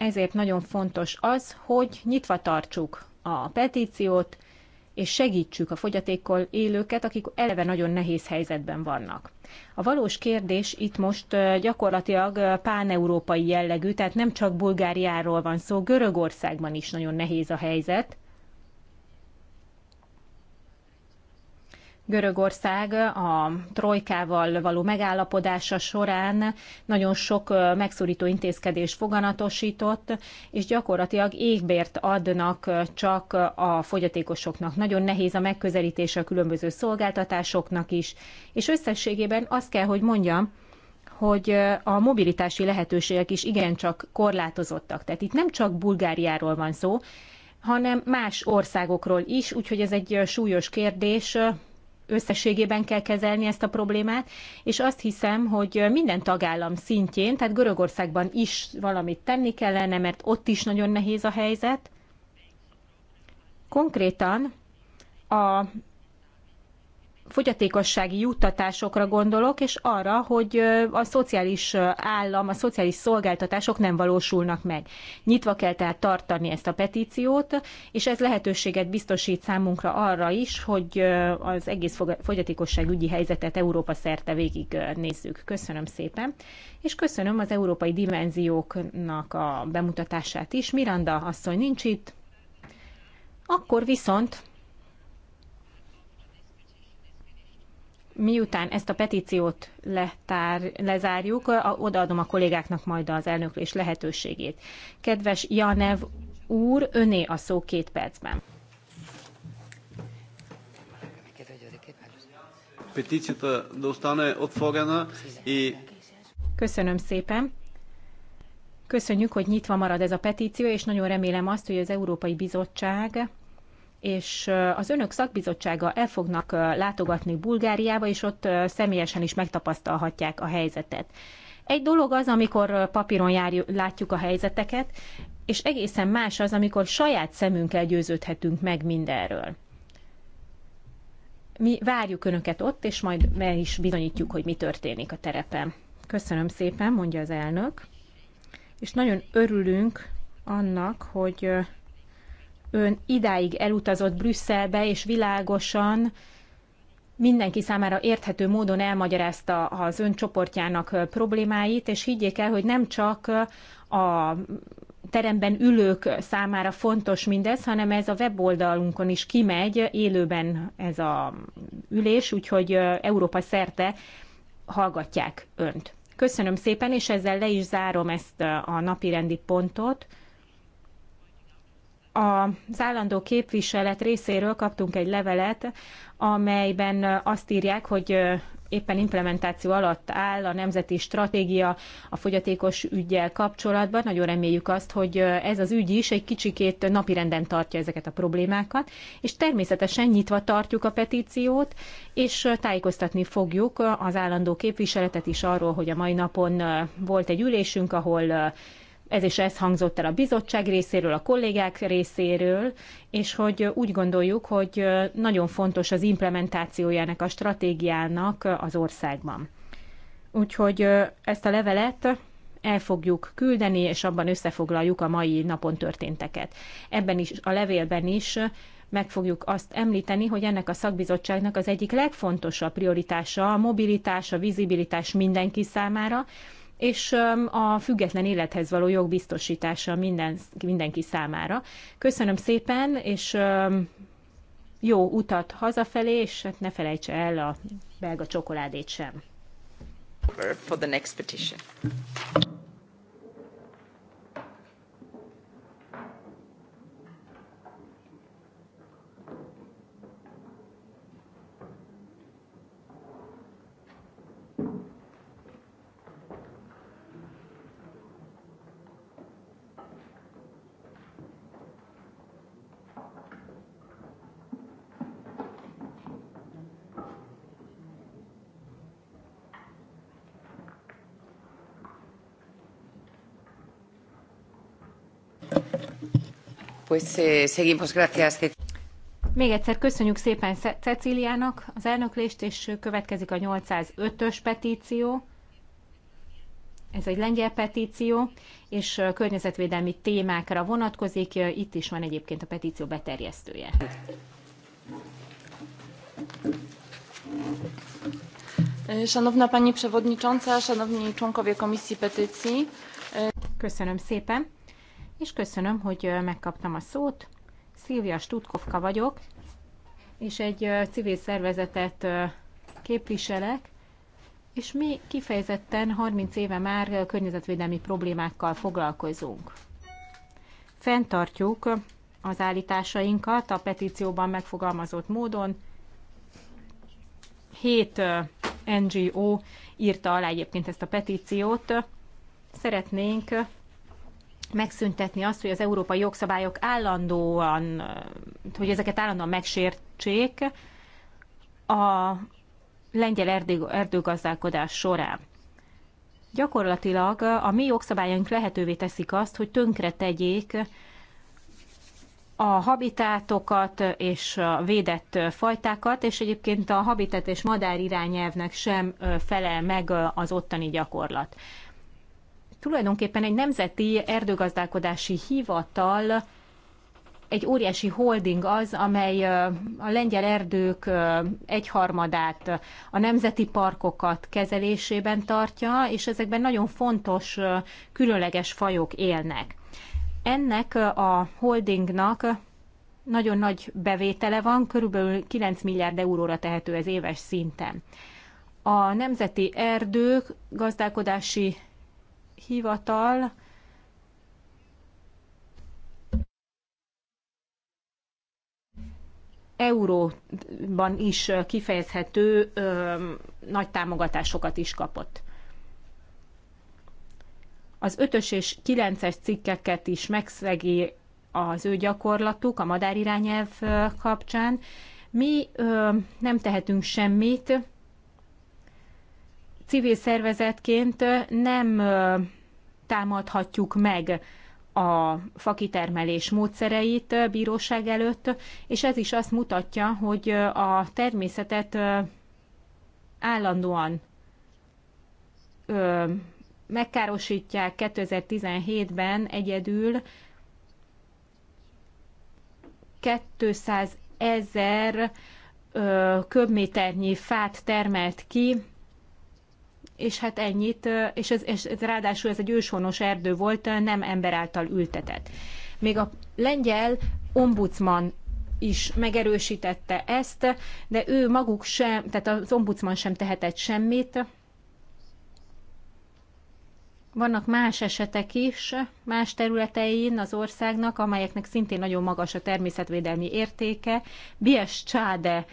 ezért nagyon fontos az, hogy nyitva tartsuk a petíciót, és segítsük a fogyatékkal élőket, akik eleve nagyon nehéz helyzetben vannak. A valós kérdés itt most gyakorlatilag páneurópai jellegű, tehát nem csak Bulgáriáról van szó, Görögországban is nagyon nehéz a helyzet, Görögország a trojkával való megállapodása során nagyon sok megszorító intézkedés foganatosított, és gyakorlatilag égbért adnak csak a fogyatékosoknak. Nagyon nehéz a megközelítése a különböző szolgáltatásoknak is, és összességében azt kell, hogy mondjam, hogy a mobilitási lehetőségek is igencsak korlátozottak. Tehát itt nem csak Bulgáriáról van szó, hanem más országokról is, úgyhogy ez egy súlyos kérdés, összességében kell kezelni ezt a problémát, és azt hiszem, hogy minden tagállam szintjén, tehát Görögországban is valamit tenni kellene, mert ott is nagyon nehéz a helyzet. Konkrétan a fogyatékossági juttatásokra gondolok, és arra, hogy a szociális állam, a szociális szolgáltatások nem valósulnak meg. Nyitva kell tehát tartani ezt a petíciót, és ez lehetőséget biztosít számunkra arra is, hogy az egész fogyatékosságügyi helyzetet Európa szerte végig nézzük. Köszönöm szépen, és köszönöm az európai dimenzióknak a bemutatását is. Miranda asszony nincs itt, akkor viszont miután ezt a petíciót letár, lezárjuk, odaadom a kollégáknak majd az elnöklés lehetőségét. Kedves Janev úr, öné a szó két percben. Eh, Köszönöm szépen. Köszönjük, hogy nyitva marad ez a petíció, és nagyon remélem azt, hogy az Európai Bizottság és az önök szakbizottsága el fognak látogatni Bulgáriába, és ott személyesen is megtapasztalhatják a helyzetet. Egy dolog az, amikor papíron jár, látjuk a helyzeteket, és egészen más az, amikor saját szemünkkel győződhetünk meg mindenről. Mi várjuk önöket ott, és majd meg is bizonyítjuk, hogy mi történik a terepen. Köszönöm szépen, mondja az elnök. És nagyon örülünk annak, hogy ön idáig elutazott Brüsszelbe, és világosan mindenki számára érthető módon elmagyarázta az ön csoportjának problémáit, és higgyék el, hogy nem csak a teremben ülők számára fontos mindez, hanem ez a weboldalunkon is kimegy, élőben ez a ülés, úgyhogy Európa szerte hallgatják önt. Köszönöm szépen, és ezzel le is zárom ezt a napirendi pontot az állandó képviselet részéről kaptunk egy levelet, amelyben azt írják, hogy éppen implementáció alatt áll a nemzeti stratégia a fogyatékos ügyel kapcsolatban. Nagyon reméljük azt, hogy ez az ügy is egy kicsikét napirenden tartja ezeket a problémákat, és természetesen nyitva tartjuk a petíciót, és tájékoztatni fogjuk az állandó képviseletet is arról, hogy a mai napon volt egy ülésünk, ahol ez is ez hangzott el a bizottság részéről, a kollégák részéről, és hogy úgy gondoljuk, hogy nagyon fontos az implementációjának, a stratégiának az országban. Úgyhogy ezt a levelet el fogjuk küldeni, és abban összefoglaljuk a mai napon történteket. Ebben is, a levélben is meg fogjuk azt említeni, hogy ennek a szakbizottságnak az egyik legfontosabb prioritása a mobilitás, a vizibilitás mindenki számára, és a független élethez való jog biztosítása minden, mindenki számára. Köszönöm szépen, és jó utat hazafelé, és hát ne felejtse el a belga csokoládét sem. For the next petition. Eh, Még egyszer köszönjük szépen Cecíliának az elnöklést, és következik a 805-ös petíció. Ez egy lengyel petíció, és környezetvédelmi témákra vonatkozik. Itt is van egyébként a petíció beterjesztője. E, szanowna Pani Przewodnicząca, Szanowni Członkowie Komisji Petycji. E, Köszönöm szépen és köszönöm, hogy megkaptam a szót. Szilvia Stutkovka vagyok, és egy civil szervezetet képviselek, és mi kifejezetten 30 éve már környezetvédelmi problémákkal foglalkozunk. Fentartjuk az állításainkat a petícióban megfogalmazott módon. Hét NGO írta alá egyébként ezt a petíciót. Szeretnénk megszüntetni azt, hogy az európai jogszabályok állandóan, hogy ezeket állandóan megsértsék a lengyel erdőgazdálkodás során. Gyakorlatilag a mi jogszabályaink lehetővé teszik azt, hogy tönkre tegyék a habitátokat és a védett fajtákat, és egyébként a habitat és madár irányelvnek sem felel meg az ottani gyakorlat tulajdonképpen egy nemzeti erdőgazdálkodási hivatal, egy óriási holding az, amely a lengyel erdők egyharmadát, a nemzeti parkokat kezelésében tartja, és ezekben nagyon fontos, különleges fajok élnek. Ennek a holdingnak nagyon nagy bevétele van, körülbelül 9 milliárd euróra tehető ez éves szinten. A nemzeti erdők gazdálkodási hivatal euróban is kifejezhető ö, nagy támogatásokat is kapott. Az 5-ös és 9-es cikkeket is megszegi az ő gyakorlatuk a madárirányelv kapcsán. Mi ö, nem tehetünk semmit, civil szervezetként nem támadhatjuk meg a fakitermelés módszereit bíróság előtt, és ez is azt mutatja, hogy a természetet állandóan megkárosítják 2017-ben egyedül 200 ezer köbméternyi fát termelt ki és hát ennyit, és ez, és ez ráadásul ez egy őshonos erdő volt, nem ember által ültetett. Még a lengyel ombudsman is megerősítette ezt, de ő maguk sem, tehát az ombudsman sem tehetett semmit. Vannak más esetek is, más területein az országnak, amelyeknek szintén nagyon magas a természetvédelmi értéke. Bies Csáde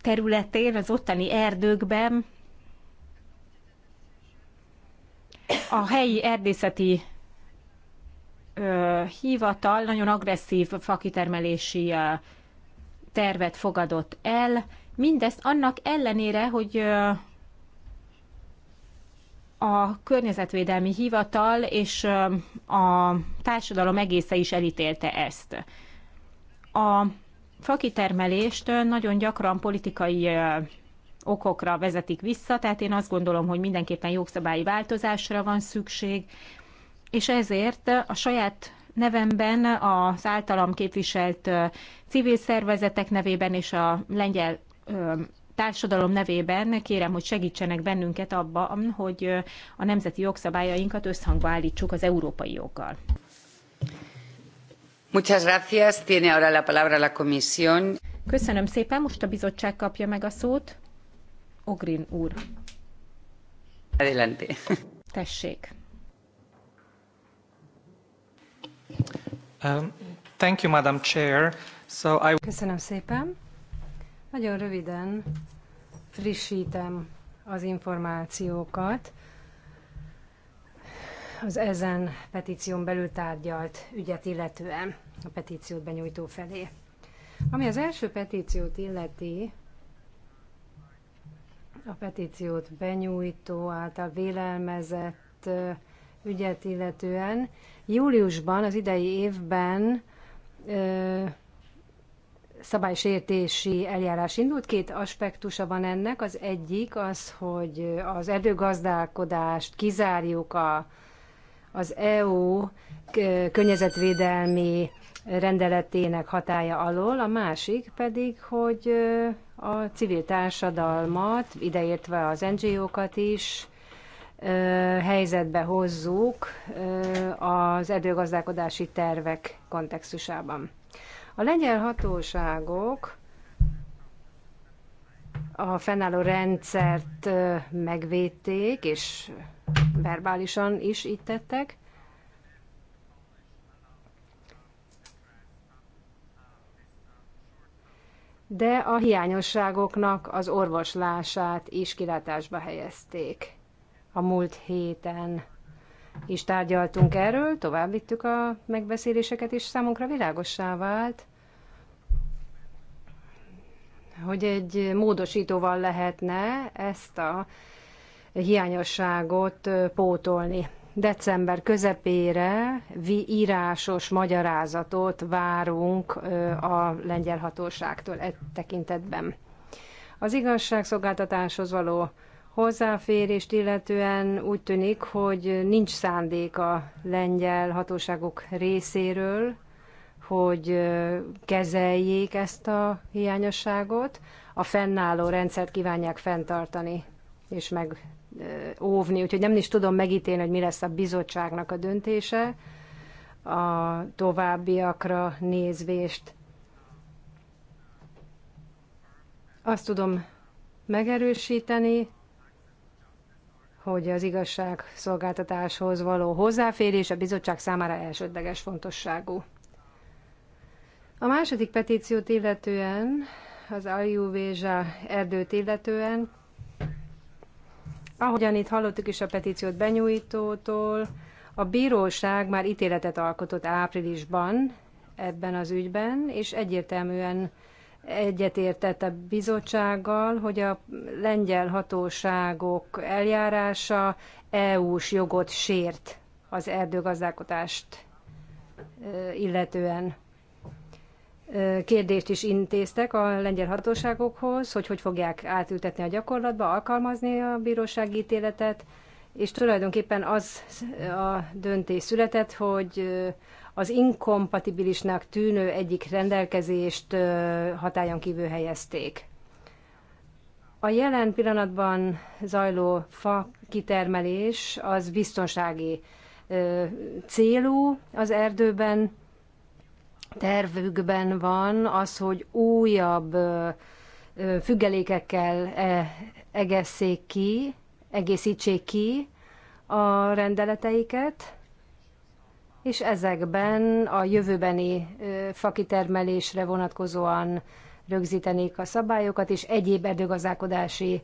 területén, az ottani erdőkben a helyi erdészeti ö, hivatal nagyon agresszív fakitermelési ö, tervet fogadott el, mindezt annak ellenére, hogy ö, a környezetvédelmi hivatal és ö, a társadalom egésze is elítélte ezt. A fakitermelést nagyon gyakran politikai okokra vezetik vissza, tehát én azt gondolom, hogy mindenképpen jogszabályi változásra van szükség, és ezért a saját nevemben, az általam képviselt civil szervezetek nevében és a lengyel társadalom nevében kérem, hogy segítsenek bennünket abban, hogy a nemzeti jogszabályainkat összhangba állítsuk az európai joggal. Muchas gracias. Tiene ahora la palabra la comisión. Köszönöm szépen, most a bizottság kapja meg a szót. Ogrin úr. Adelante. Tessék. Um, thank you, Madam Chair. So I... Köszönöm szépen. Nagyon röviden frissítem az információkat az ezen petíción belül tárgyalt ügyet illetően a petíciót benyújtó felé. Ami az első petíciót illeti, a petíciót benyújtó által vélelmezett ügyet illetően. Júliusban, az idei évben ö, szabálysértési eljárás indult. Két aspektusa van ennek. Az egyik az, hogy az erdőgazdálkodást kizárjuk a, az EU környezetvédelmi rendeletének hatája alól, a másik pedig, hogy a civil társadalmat, ideértve az NGO-kat is, helyzetbe hozzuk az erdőgazdálkodási tervek kontextusában. A lengyel hatóságok a fennálló rendszert megvédték, és verbálisan is itt tettek, de a hiányosságoknak az orvoslását is kilátásba helyezték. A múlt héten is tárgyaltunk erről, tovább vittük a megbeszéléseket, és számunkra világossá vált, hogy egy módosítóval lehetne ezt a hiányosságot pótolni december közepére írásos magyarázatot várunk a lengyel hatóságtól e tekintetben. Az igazságszolgáltatáshoz való hozzáférést illetően úgy tűnik, hogy nincs szándék a lengyel hatóságok részéről, hogy kezeljék ezt a hiányosságot, a fennálló rendszert kívánják fenntartani és meg óvni, úgyhogy nem is tudom megítélni, hogy mi lesz a bizottságnak a döntése a továbbiakra nézvést. Azt tudom megerősíteni, hogy az igazságszolgáltatáshoz való hozzáférés a bizottság számára elsődleges fontosságú. A második petíciót illetően, az Aljuvézsa erdőt illetően Ahogyan itt hallottuk is a petíciót benyújtótól, a bíróság már ítéletet alkotott áprilisban ebben az ügyben, és egyértelműen egyetértett a bizottsággal, hogy a lengyel hatóságok eljárása EU-s jogot sért az erdőgazdálkodást illetően kérdést is intéztek a lengyel hatóságokhoz, hogy hogy fogják átültetni a gyakorlatba, alkalmazni a bírósági ítéletet, és tulajdonképpen az a döntés született, hogy az inkompatibilisnak tűnő egyik rendelkezést hatályon kívül helyezték. A jelen pillanatban zajló fa kitermelés az biztonsági célú az erdőben, tervükben van az, hogy újabb függelékekkel e, egesszék ki, egészítsék ki a rendeleteiket, és ezekben a jövőbeni fakitermelésre vonatkozóan rögzítenék a szabályokat, és egyéb erdőgazdálkodási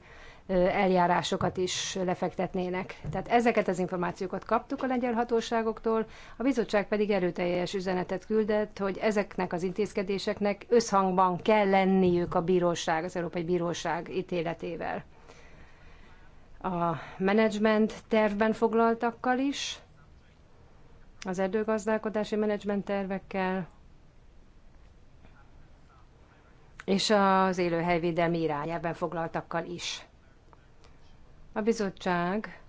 eljárásokat is lefektetnének. Tehát ezeket az információkat kaptuk a lengyel hatóságoktól, a bizottság pedig erőteljes üzenetet küldett, hogy ezeknek az intézkedéseknek összhangban kell lenniük a bíróság, az Európai Bíróság ítéletével. A menedzsment tervben foglaltakkal is, az erdőgazdálkodási menedzsment tervekkel, és az élőhelyvédelmi irányában foglaltakkal is. A bizottság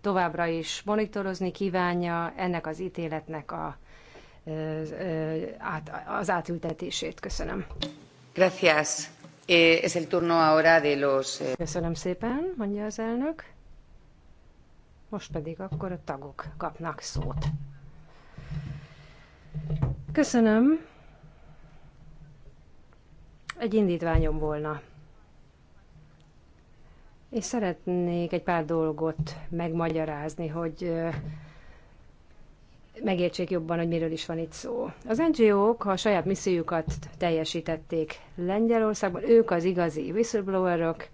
továbbra is monitorozni kívánja ennek az ítéletnek a, az átültetését. Köszönöm. Gracias. Eh, es el turno ahora de los... Eh, Köszönöm szépen, mondja az elnök. Most pedig akkor a tagok kapnak szót. Köszönöm. Egy indítványom volna és szeretnék egy pár dolgot megmagyarázni, hogy megértsék jobban, hogy miről is van itt szó. Az NGO-k, ha a saját missziójukat teljesítették Lengyelországban, ők az igazi whistleblowerok,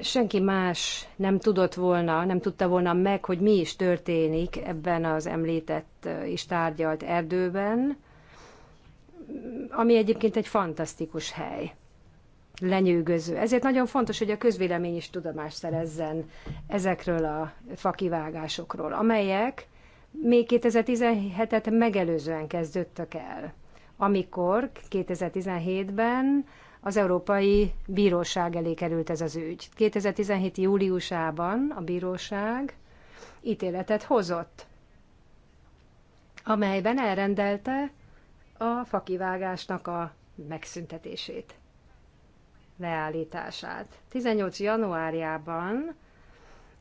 senki más nem tudott volna, nem tudta volna meg, hogy mi is történik ebben az említett és tárgyalt erdőben, ami egyébként egy fantasztikus hely lenyűgöző. Ezért nagyon fontos, hogy a közvélemény is tudomást szerezzen ezekről a fakivágásokról, amelyek még 2017-et megelőzően kezdődtek el, amikor 2017-ben az Európai Bíróság elé került ez az ügy. 2017. júliusában a bíróság ítéletet hozott, amelyben elrendelte a fakivágásnak a megszüntetését leállítását. 18 januárjában,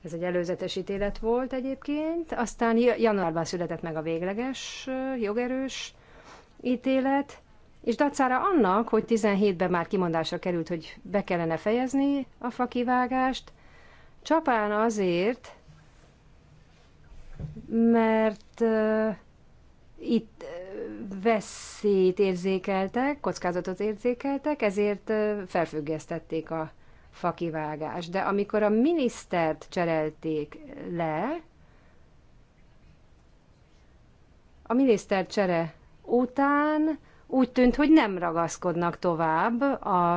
ez egy előzetes ítélet volt egyébként, aztán januárban született meg a végleges, jogerős ítélet, és dacára annak, hogy 17-ben már kimondásra került, hogy be kellene fejezni a fakivágást, csapán azért, mert uh, itt veszélyt érzékeltek, kockázatot érzékeltek, ezért felfüggesztették a fakivágást. De amikor a minisztert cserelték le, a miniszter csere után úgy tűnt, hogy nem ragaszkodnak tovább a,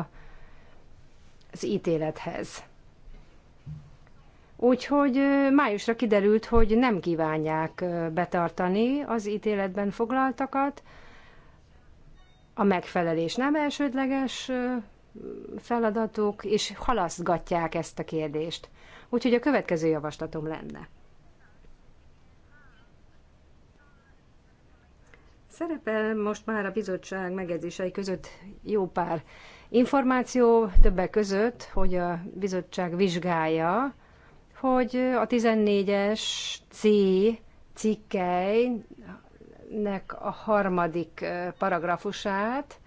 az ítélethez. Úgyhogy májusra kiderült, hogy nem kívánják betartani az ítéletben foglaltakat. A megfelelés nem elsődleges feladatuk, és halasztgatják ezt a kérdést. Úgyhogy a következő javaslatom lenne. Szerepel most már a bizottság megjegyzései között jó pár információ, többek között, hogy a bizottság vizsgálja hogy a 14-es C cikkelynek a harmadik paragrafusát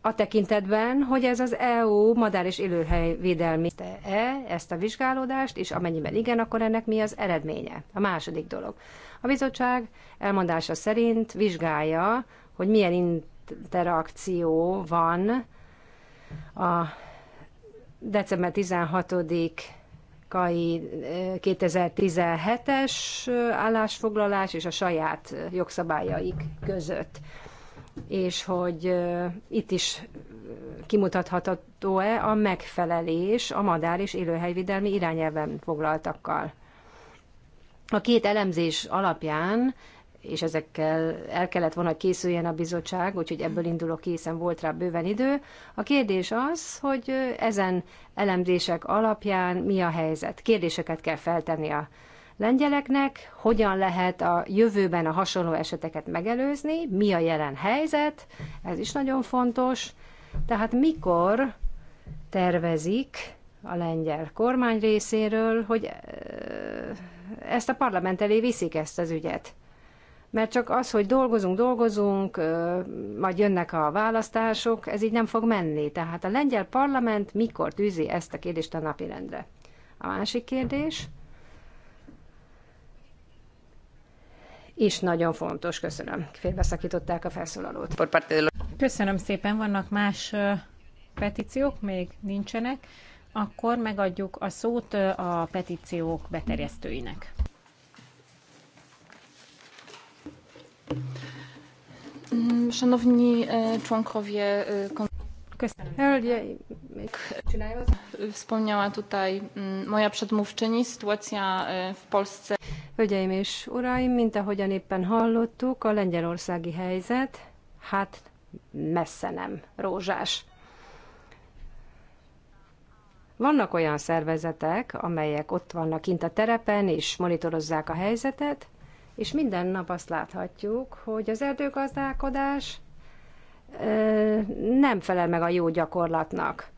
a tekintetben, hogy ez az EU madár és élőhely védelmi e ezt a vizsgálódást, és amennyiben igen, akkor ennek mi az eredménye? A második dolog. A bizottság elmondása szerint vizsgálja, hogy milyen interakció van a december 16 kai 2017-es állásfoglalás és a saját jogszabályaik között. És hogy itt is kimutatható-e a megfelelés a madár és élőhelyvédelmi irányelven foglaltakkal. A két elemzés alapján és ezekkel el kellett volna, hogy készüljen a bizottság, úgyhogy ebből indulok készen volt rá bőven idő. A kérdés az, hogy ezen elemzések alapján mi a helyzet. Kérdéseket kell feltenni a lengyeleknek, hogyan lehet a jövőben a hasonló eseteket megelőzni, mi a jelen helyzet, ez is nagyon fontos. Tehát mikor tervezik a lengyel kormány részéről, hogy ezt a parlament elé viszik ezt az ügyet mert csak az, hogy dolgozunk, dolgozunk, majd jönnek a választások, ez így nem fog menni. Tehát a lengyel parlament mikor tűzi ezt a kérdést a napirendre? A másik kérdés, és nagyon fontos, köszönöm. Félbeszakították a felszólalót. Köszönöm szépen, vannak más petíciók, még nincsenek. Akkor megadjuk a szót a petíciók beterjesztőinek. Mm, szanowni e, członkowie e, Wspomniała tutaj mm, moja przedmówczyni, sytuacja e, w Polsce. Hölgyeim és uraim, mint ahogyan éppen hallottuk, a lengyelországi helyzet, hát messze nem rózsás. Vannak olyan szervezetek, amelyek ott vannak kint a terepen, és monitorozzák a helyzetet, és minden nap azt láthatjuk, hogy az erdőgazdálkodás nem felel meg a jó gyakorlatnak,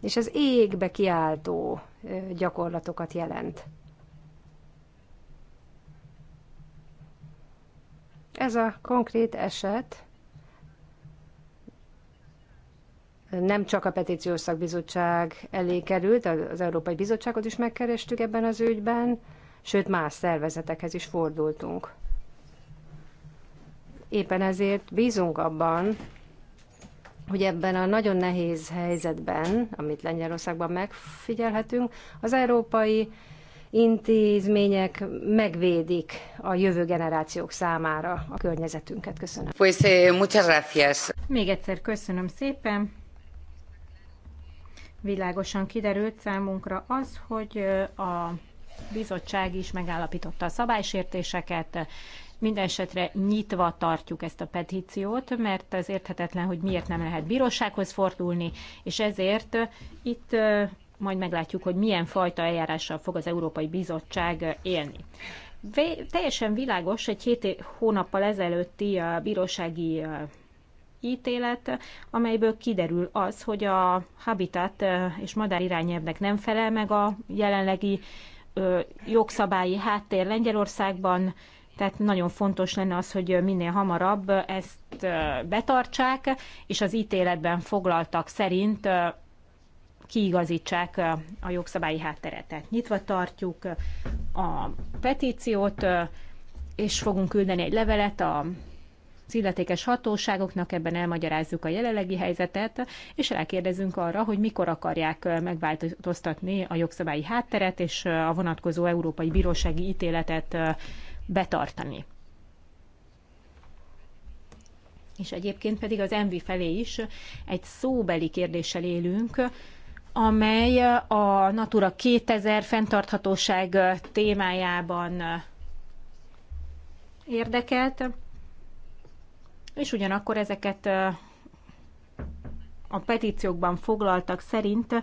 és az égbe kiáltó gyakorlatokat jelent. Ez a konkrét eset nem csak a petíciós szakbizottság elé került, az Európai Bizottságot is megkerestük ebben az ügyben, sőt más szervezetekhez is fordultunk. Éppen ezért bízunk abban, hogy ebben a nagyon nehéz helyzetben, amit Lengyelországban megfigyelhetünk, az európai intézmények megvédik a jövő generációk számára a környezetünket. Köszönöm. Pues, eh, muchas gracias. Még egyszer köszönöm szépen. Világosan kiderült számunkra az, hogy eh, a bizottság is megállapította a szabálysértéseket, Mindenesetre nyitva tartjuk ezt a petíciót, mert az érthetetlen, hogy miért nem lehet bírósághoz fordulni, és ezért uh, itt uh, majd meglátjuk, hogy milyen fajta eljárással fog az Európai Bizottság uh, élni. Vé- teljesen világos, egy hét hónappal ezelőtti a bírósági ítélet, amelyből kiderül az, hogy a habitat és madár irányelvnek nem felel meg a jelenlegi jogszabályi háttér Lengyelországban, tehát nagyon fontos lenne az, hogy minél hamarabb ezt betartsák, és az ítéletben foglaltak szerint kiigazítsák a jogszabályi hátteret. Tehát nyitva tartjuk a petíciót, és fogunk küldeni egy levelet a az illetékes hatóságoknak, ebben elmagyarázzuk a jelenlegi helyzetet, és rákérdezünk arra, hogy mikor akarják megváltoztatni a jogszabályi hátteret és a vonatkozó európai bírósági ítéletet betartani. És egyébként pedig az MV felé is egy szóbeli kérdéssel élünk, amely a Natura 2000 fenntarthatóság témájában érdekelt és ugyanakkor ezeket a petíciókban foglaltak szerint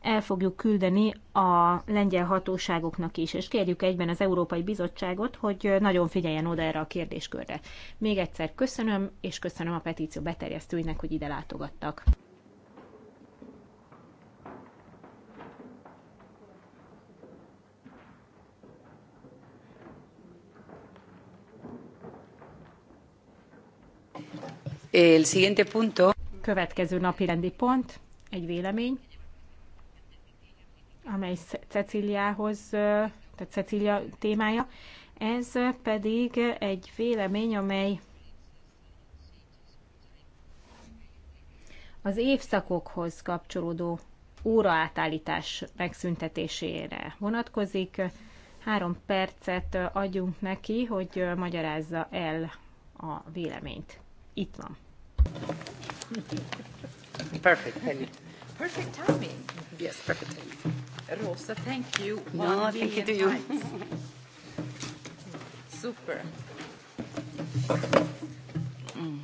el fogjuk küldeni a lengyel hatóságoknak is, és kérjük egyben az Európai Bizottságot, hogy nagyon figyeljen oda erre a kérdéskörre. Még egyszer köszönöm, és köszönöm a petíció beterjesztőinek, hogy ide látogattak. El siguiente punto. Következő napi rendi pont, egy vélemény, amely Ceciliához, tehát Cecilia témája. Ez pedig egy vélemény, amely az évszakokhoz kapcsolódó óraátállítás megszüntetésére vonatkozik. Három percet adjunk neki, hogy magyarázza el a véleményt. Itt van. Perfect timing. Perfect timing. Yes, perfect timing. Rosa, thank you. no, thank you to you. Super. Mm.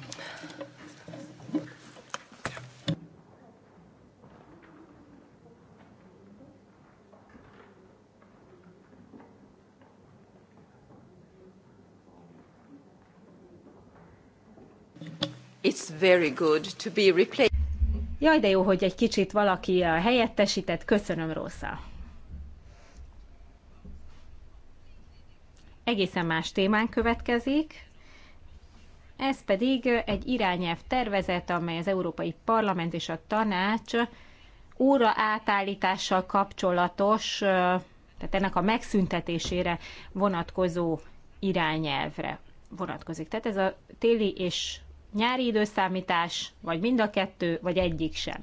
It's very good to be replaced. Jaj, de jó, hogy egy kicsit valaki a uh, helyettesített. Köszönöm, Rosa. Egészen más témán következik. Ez pedig uh, egy irányelv tervezet, amely az Európai Parlament és a Tanács óra átállítással kapcsolatos, uh, tehát ennek a megszüntetésére vonatkozó irányelvre vonatkozik. Tehát ez a téli és nyári időszámítás, vagy mind a kettő, vagy egyik sem.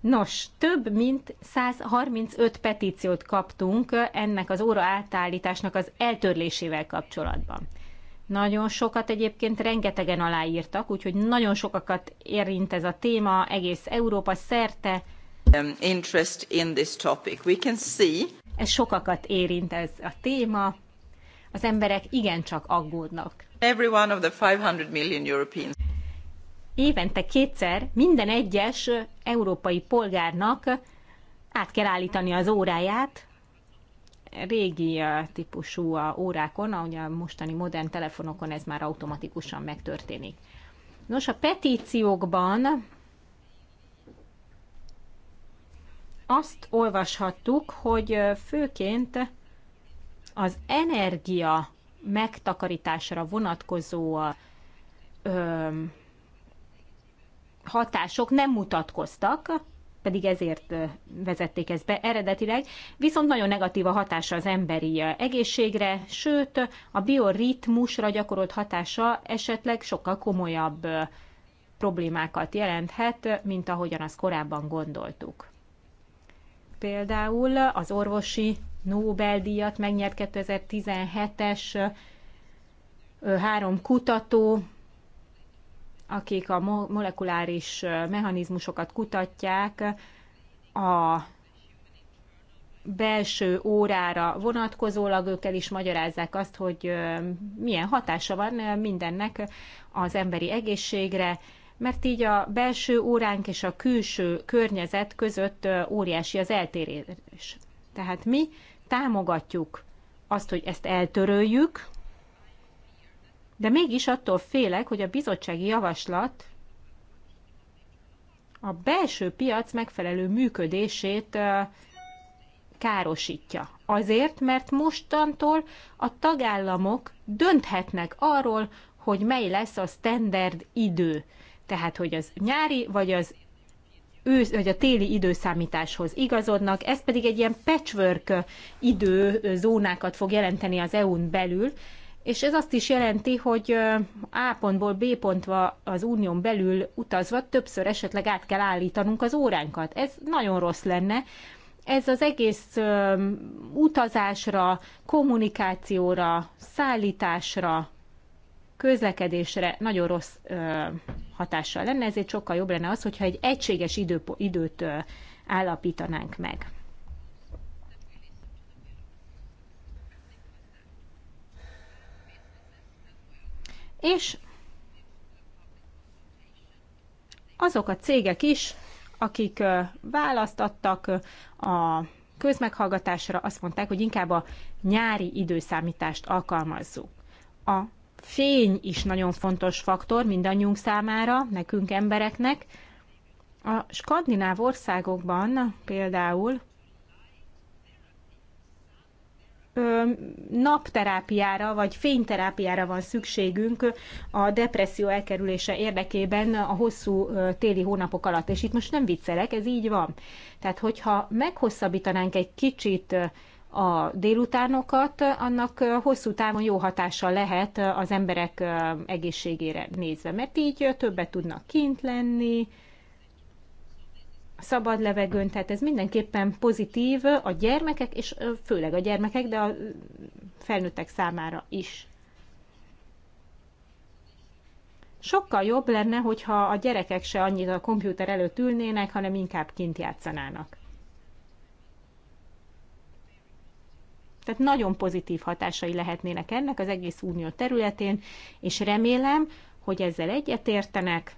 Nos, több mint 135 petíciót kaptunk ennek az óra átállításnak az eltörlésével kapcsolatban. Nagyon sokat egyébként rengetegen aláírtak, úgyhogy nagyon sokakat érint ez a téma egész Európa szerte. Um, interest in this topic. We can see. Ez sokakat érint ez a téma. Az emberek igencsak aggódnak. Every one of the 500 million Europeans évente kétszer minden egyes európai polgárnak át kell állítani az óráját, régi típusú órákon, ahogy a mostani modern telefonokon ez már automatikusan megtörténik. Nos, a petíciókban azt olvashattuk, hogy főként az energia megtakarításra vonatkozó hatások nem mutatkoztak, pedig ezért vezették ezt be eredetileg, viszont nagyon negatív a hatása az emberi egészségre, sőt a bioritmusra gyakorolt hatása esetleg sokkal komolyabb problémákat jelenthet, mint ahogyan azt korábban gondoltuk. Például az orvosi Nobel-díjat megnyert 2017-es három kutató akik a molekuláris mechanizmusokat kutatják, a belső órára vonatkozólag ők el is magyarázzák azt, hogy milyen hatása van mindennek az emberi egészségre, mert így a belső óránk és a külső környezet között óriási az eltérés. Tehát mi támogatjuk azt, hogy ezt eltöröljük, de mégis attól félek, hogy a bizottsági javaslat a belső piac megfelelő működését károsítja. Azért, mert mostantól a tagállamok dönthetnek arról, hogy mely lesz a standard idő. Tehát, hogy az nyári vagy az ősz, vagy a téli időszámításhoz igazodnak, ez pedig egy ilyen patchwork időzónákat fog jelenteni az EU-n belül, és ez azt is jelenti, hogy A pontból B pontba az unión belül utazva többször esetleg át kell állítanunk az óránkat. Ez nagyon rossz lenne. Ez az egész utazásra, kommunikációra, szállításra, közlekedésre nagyon rossz hatással lenne, ezért sokkal jobb lenne az, hogyha egy egységes időt állapítanánk meg. és azok a cégek is, akik választattak a közmeghallgatásra, azt mondták, hogy inkább a nyári időszámítást alkalmazzuk. A fény is nagyon fontos faktor mindannyiunk számára, nekünk embereknek. A skandináv országokban például napterápiára vagy fényterápiára van szükségünk a depresszió elkerülése érdekében a hosszú téli hónapok alatt. És itt most nem viccelek, ez így van. Tehát, hogyha meghosszabbítanánk egy kicsit a délutánokat, annak hosszú távon jó hatása lehet az emberek egészségére nézve, mert így többet tudnak kint lenni, szabad levegőn, tehát ez mindenképpen pozitív a gyermekek, és főleg a gyermekek, de a felnőttek számára is. Sokkal jobb lenne, hogyha a gyerekek se annyit a kompjúter előtt ülnének, hanem inkább kint játszanának. Tehát nagyon pozitív hatásai lehetnének ennek az egész unió területén, és remélem, hogy ezzel egyetértenek,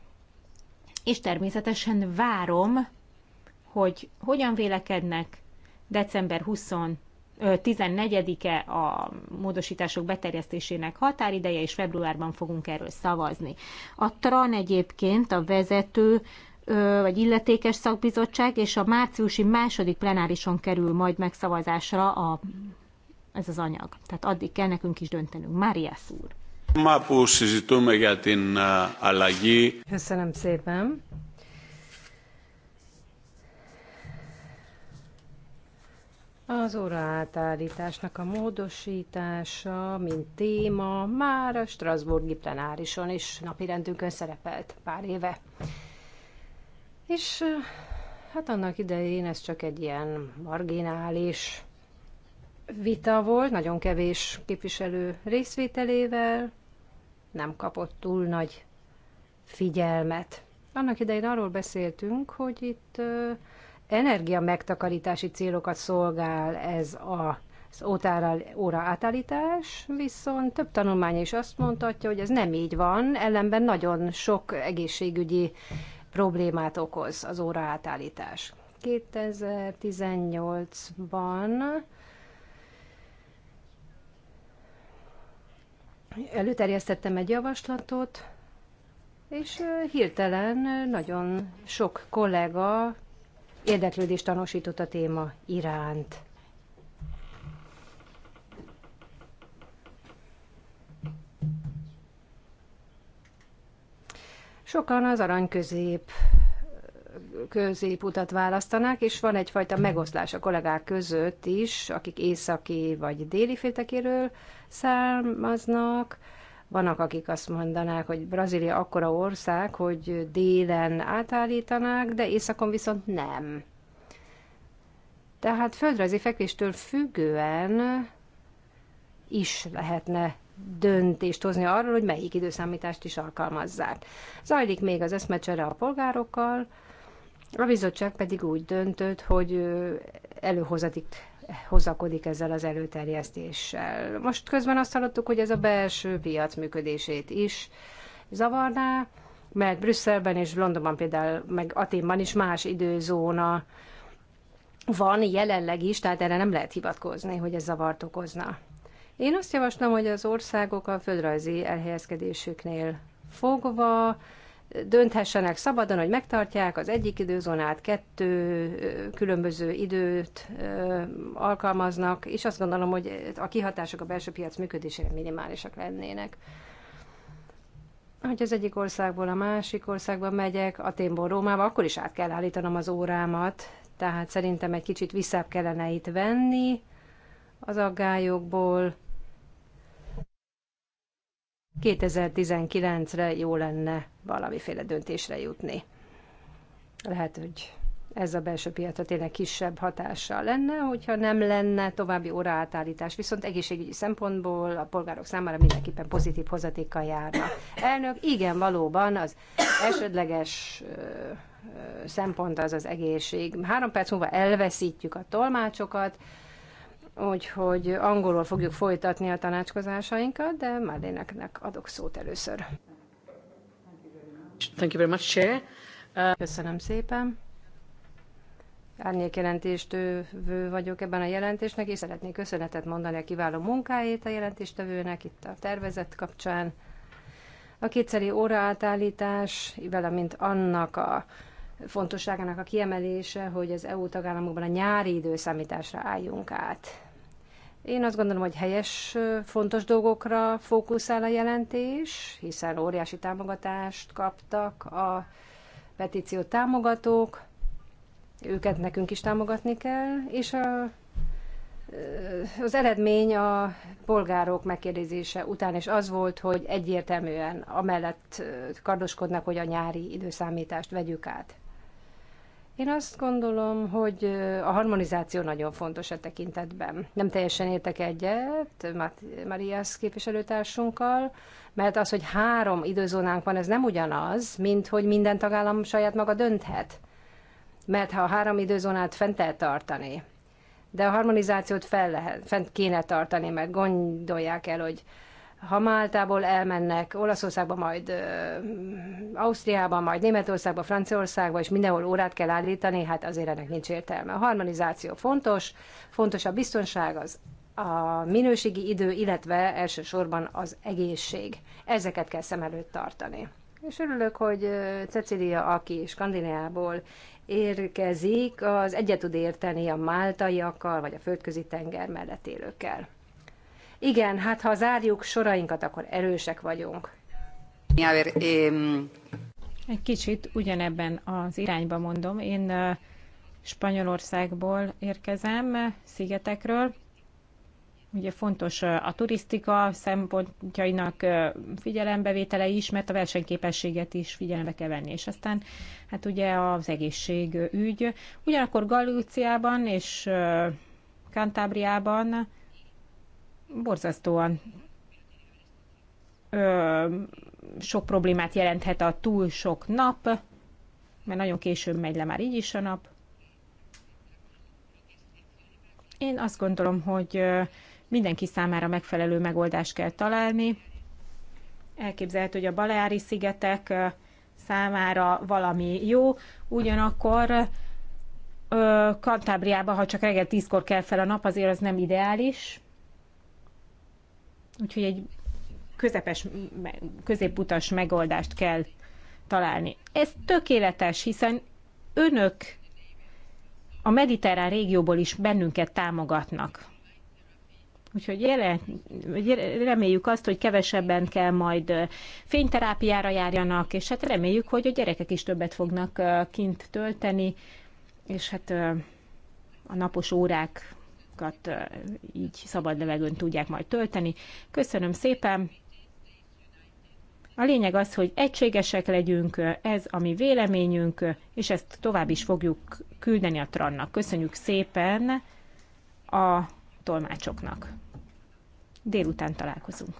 és természetesen várom hogy hogyan vélekednek december 20 14-e a módosítások beterjesztésének határideje, és februárban fogunk erről szavazni. A TRAN egyébként a vezető vagy illetékes szakbizottság, és a márciusi második plenárison kerül majd megszavazásra a, ez az anyag. Tehát addig kell nekünk is döntenünk. Máriász úr. Köszönöm szépen. Az átállításnak a módosítása, mint téma, már a Strasburgi plenárison is napirendünkön szerepelt pár éve. És hát annak idején ez csak egy ilyen marginális vita volt, nagyon kevés képviselő részvételével, nem kapott túl nagy figyelmet. Annak idején arról beszéltünk, hogy itt energia megtakarítási célokat szolgál ez a az óra átállítás, viszont több tanulmány is azt mondhatja, hogy ez nem így van, ellenben nagyon sok egészségügyi problémát okoz az óra átállítás. 2018-ban előterjesztettem egy javaslatot, és hirtelen nagyon sok kollega érdeklődést tanúsított a téma iránt. Sokan az arany közép középutat választanák, és van egyfajta megoszlás a kollégák között is, akik északi vagy déli féltekéről származnak, vannak, akik azt mondanák, hogy Brazília akkora ország, hogy délen átállítanák, de északon viszont nem. Tehát földrajzi fekvéstől függően is lehetne döntést hozni arról, hogy melyik időszámítást is alkalmazzák. Zajlik még az eszmecsere a polgárokkal, a bizottság pedig úgy döntött, hogy előhozatik hozakodik ezzel az előterjesztéssel. Most közben azt hallottuk, hogy ez a belső piac működését is zavarná, meg Brüsszelben és Londonban például, meg Aténban is más időzóna van jelenleg is, tehát erre nem lehet hivatkozni, hogy ez zavart okozna. Én azt javaslom, hogy az országok a földrajzi elhelyezkedésüknél fogva dönthessenek szabadon, hogy megtartják az egyik időzónát, kettő különböző időt alkalmaznak, és azt gondolom, hogy a kihatások a belső piac működésére minimálisak lennének. Hogy az egyik országból a másik országba megyek, a témból Rómába, akkor is át kell állítanom az órámat, tehát szerintem egy kicsit visszább kellene itt venni az aggályokból, 2019-re jó lenne valamiféle döntésre jutni. Lehet, hogy ez a belső piacra tényleg kisebb hatással lenne, hogyha nem lenne további óraátállítás. Viszont egészségügyi szempontból a polgárok számára mindenképpen pozitív hozatékkal járna. Elnök, igen, valóban az elsődleges ö, ö, szempont az az egészség. Három perc múlva elveszítjük a tolmácsokat, úgyhogy angolul fogjuk folytatni a tanácskozásainkat, de Marléneknek adok szót először. Thank you very much, Chair. Uh... Köszönöm szépen. Árnyékjelentéstövő vagyok ebben a jelentésnek, és szeretnék köszönetet mondani a kiváló munkájét a jelentéstevőnek itt a tervezet kapcsán. A kétszeri óraátállítás, valamint annak a fontosságának a kiemelése, hogy az EU tagállamokban a nyári időszámításra álljunk át. Én azt gondolom, hogy helyes, fontos dolgokra fókuszál a jelentés, hiszen óriási támogatást kaptak a petíció támogatók, őket nekünk is támogatni kell, és a, az eredmény a polgárok megkérdezése után is az volt, hogy egyértelműen amellett kardoskodnak, hogy a nyári időszámítást vegyük át. Én azt gondolom, hogy a harmonizáció nagyon fontos a e tekintetben. Nem teljesen értek egyet Marias képviselőtársunkkal, mert az, hogy három időzónánk van, ez nem ugyanaz, mint hogy minden tagállam saját maga dönthet. Mert ha a három időzónát fent lehet tartani, de a harmonizációt fel lehet, fent kéne tartani, mert gondolják el, hogy ha Máltából elmennek Olaszországba, majd Ausztriába, majd Németországba, Franciaországba, és mindenhol órát kell állítani, hát azért ennek nincs értelme. A harmonizáció fontos, fontos a biztonság, az a minőségi idő, illetve elsősorban az egészség. Ezeket kell szem előtt tartani. És örülök, hogy Cecilia, aki Skandináviából érkezik, az egyet tud érteni a máltaiakkal, vagy a földközi tenger mellett élőkkel. Igen, hát ha zárjuk sorainkat, akkor erősek vagyunk. Egy kicsit ugyanebben az irányba mondom. Én Spanyolországból érkezem, szigetekről. Ugye fontos a turisztika szempontjainak figyelembevétele is, mert a versenyképességet is figyelembe kell venni. És aztán hát ugye az egészségügy. Ugyanakkor Galúciában és Kantábriában borzasztóan ö, sok problémát jelenthet a túl sok nap, mert nagyon későn megy le már így is a nap. Én azt gondolom, hogy mindenki számára megfelelő megoldást kell találni. Elképzelhető, hogy a Baleári szigetek számára valami jó, ugyanakkor Kantábriában, ha csak reggel tízkor kell fel a nap, azért az nem ideális. Úgyhogy egy közepes, középutas megoldást kell találni. Ez tökéletes, hiszen önök a mediterrán régióból is bennünket támogatnak. Úgyhogy jelen, reméljük azt, hogy kevesebben kell majd fényterápiára járjanak, és hát reméljük, hogy a gyerekek is többet fognak kint tölteni, és hát a napos órák így szabad levegőn tudják majd tölteni. Köszönöm szépen! A lényeg az, hogy egységesek legyünk, ez a mi véleményünk, és ezt tovább is fogjuk küldeni a Trannak. Köszönjük szépen a tolmácsoknak. Délután találkozunk.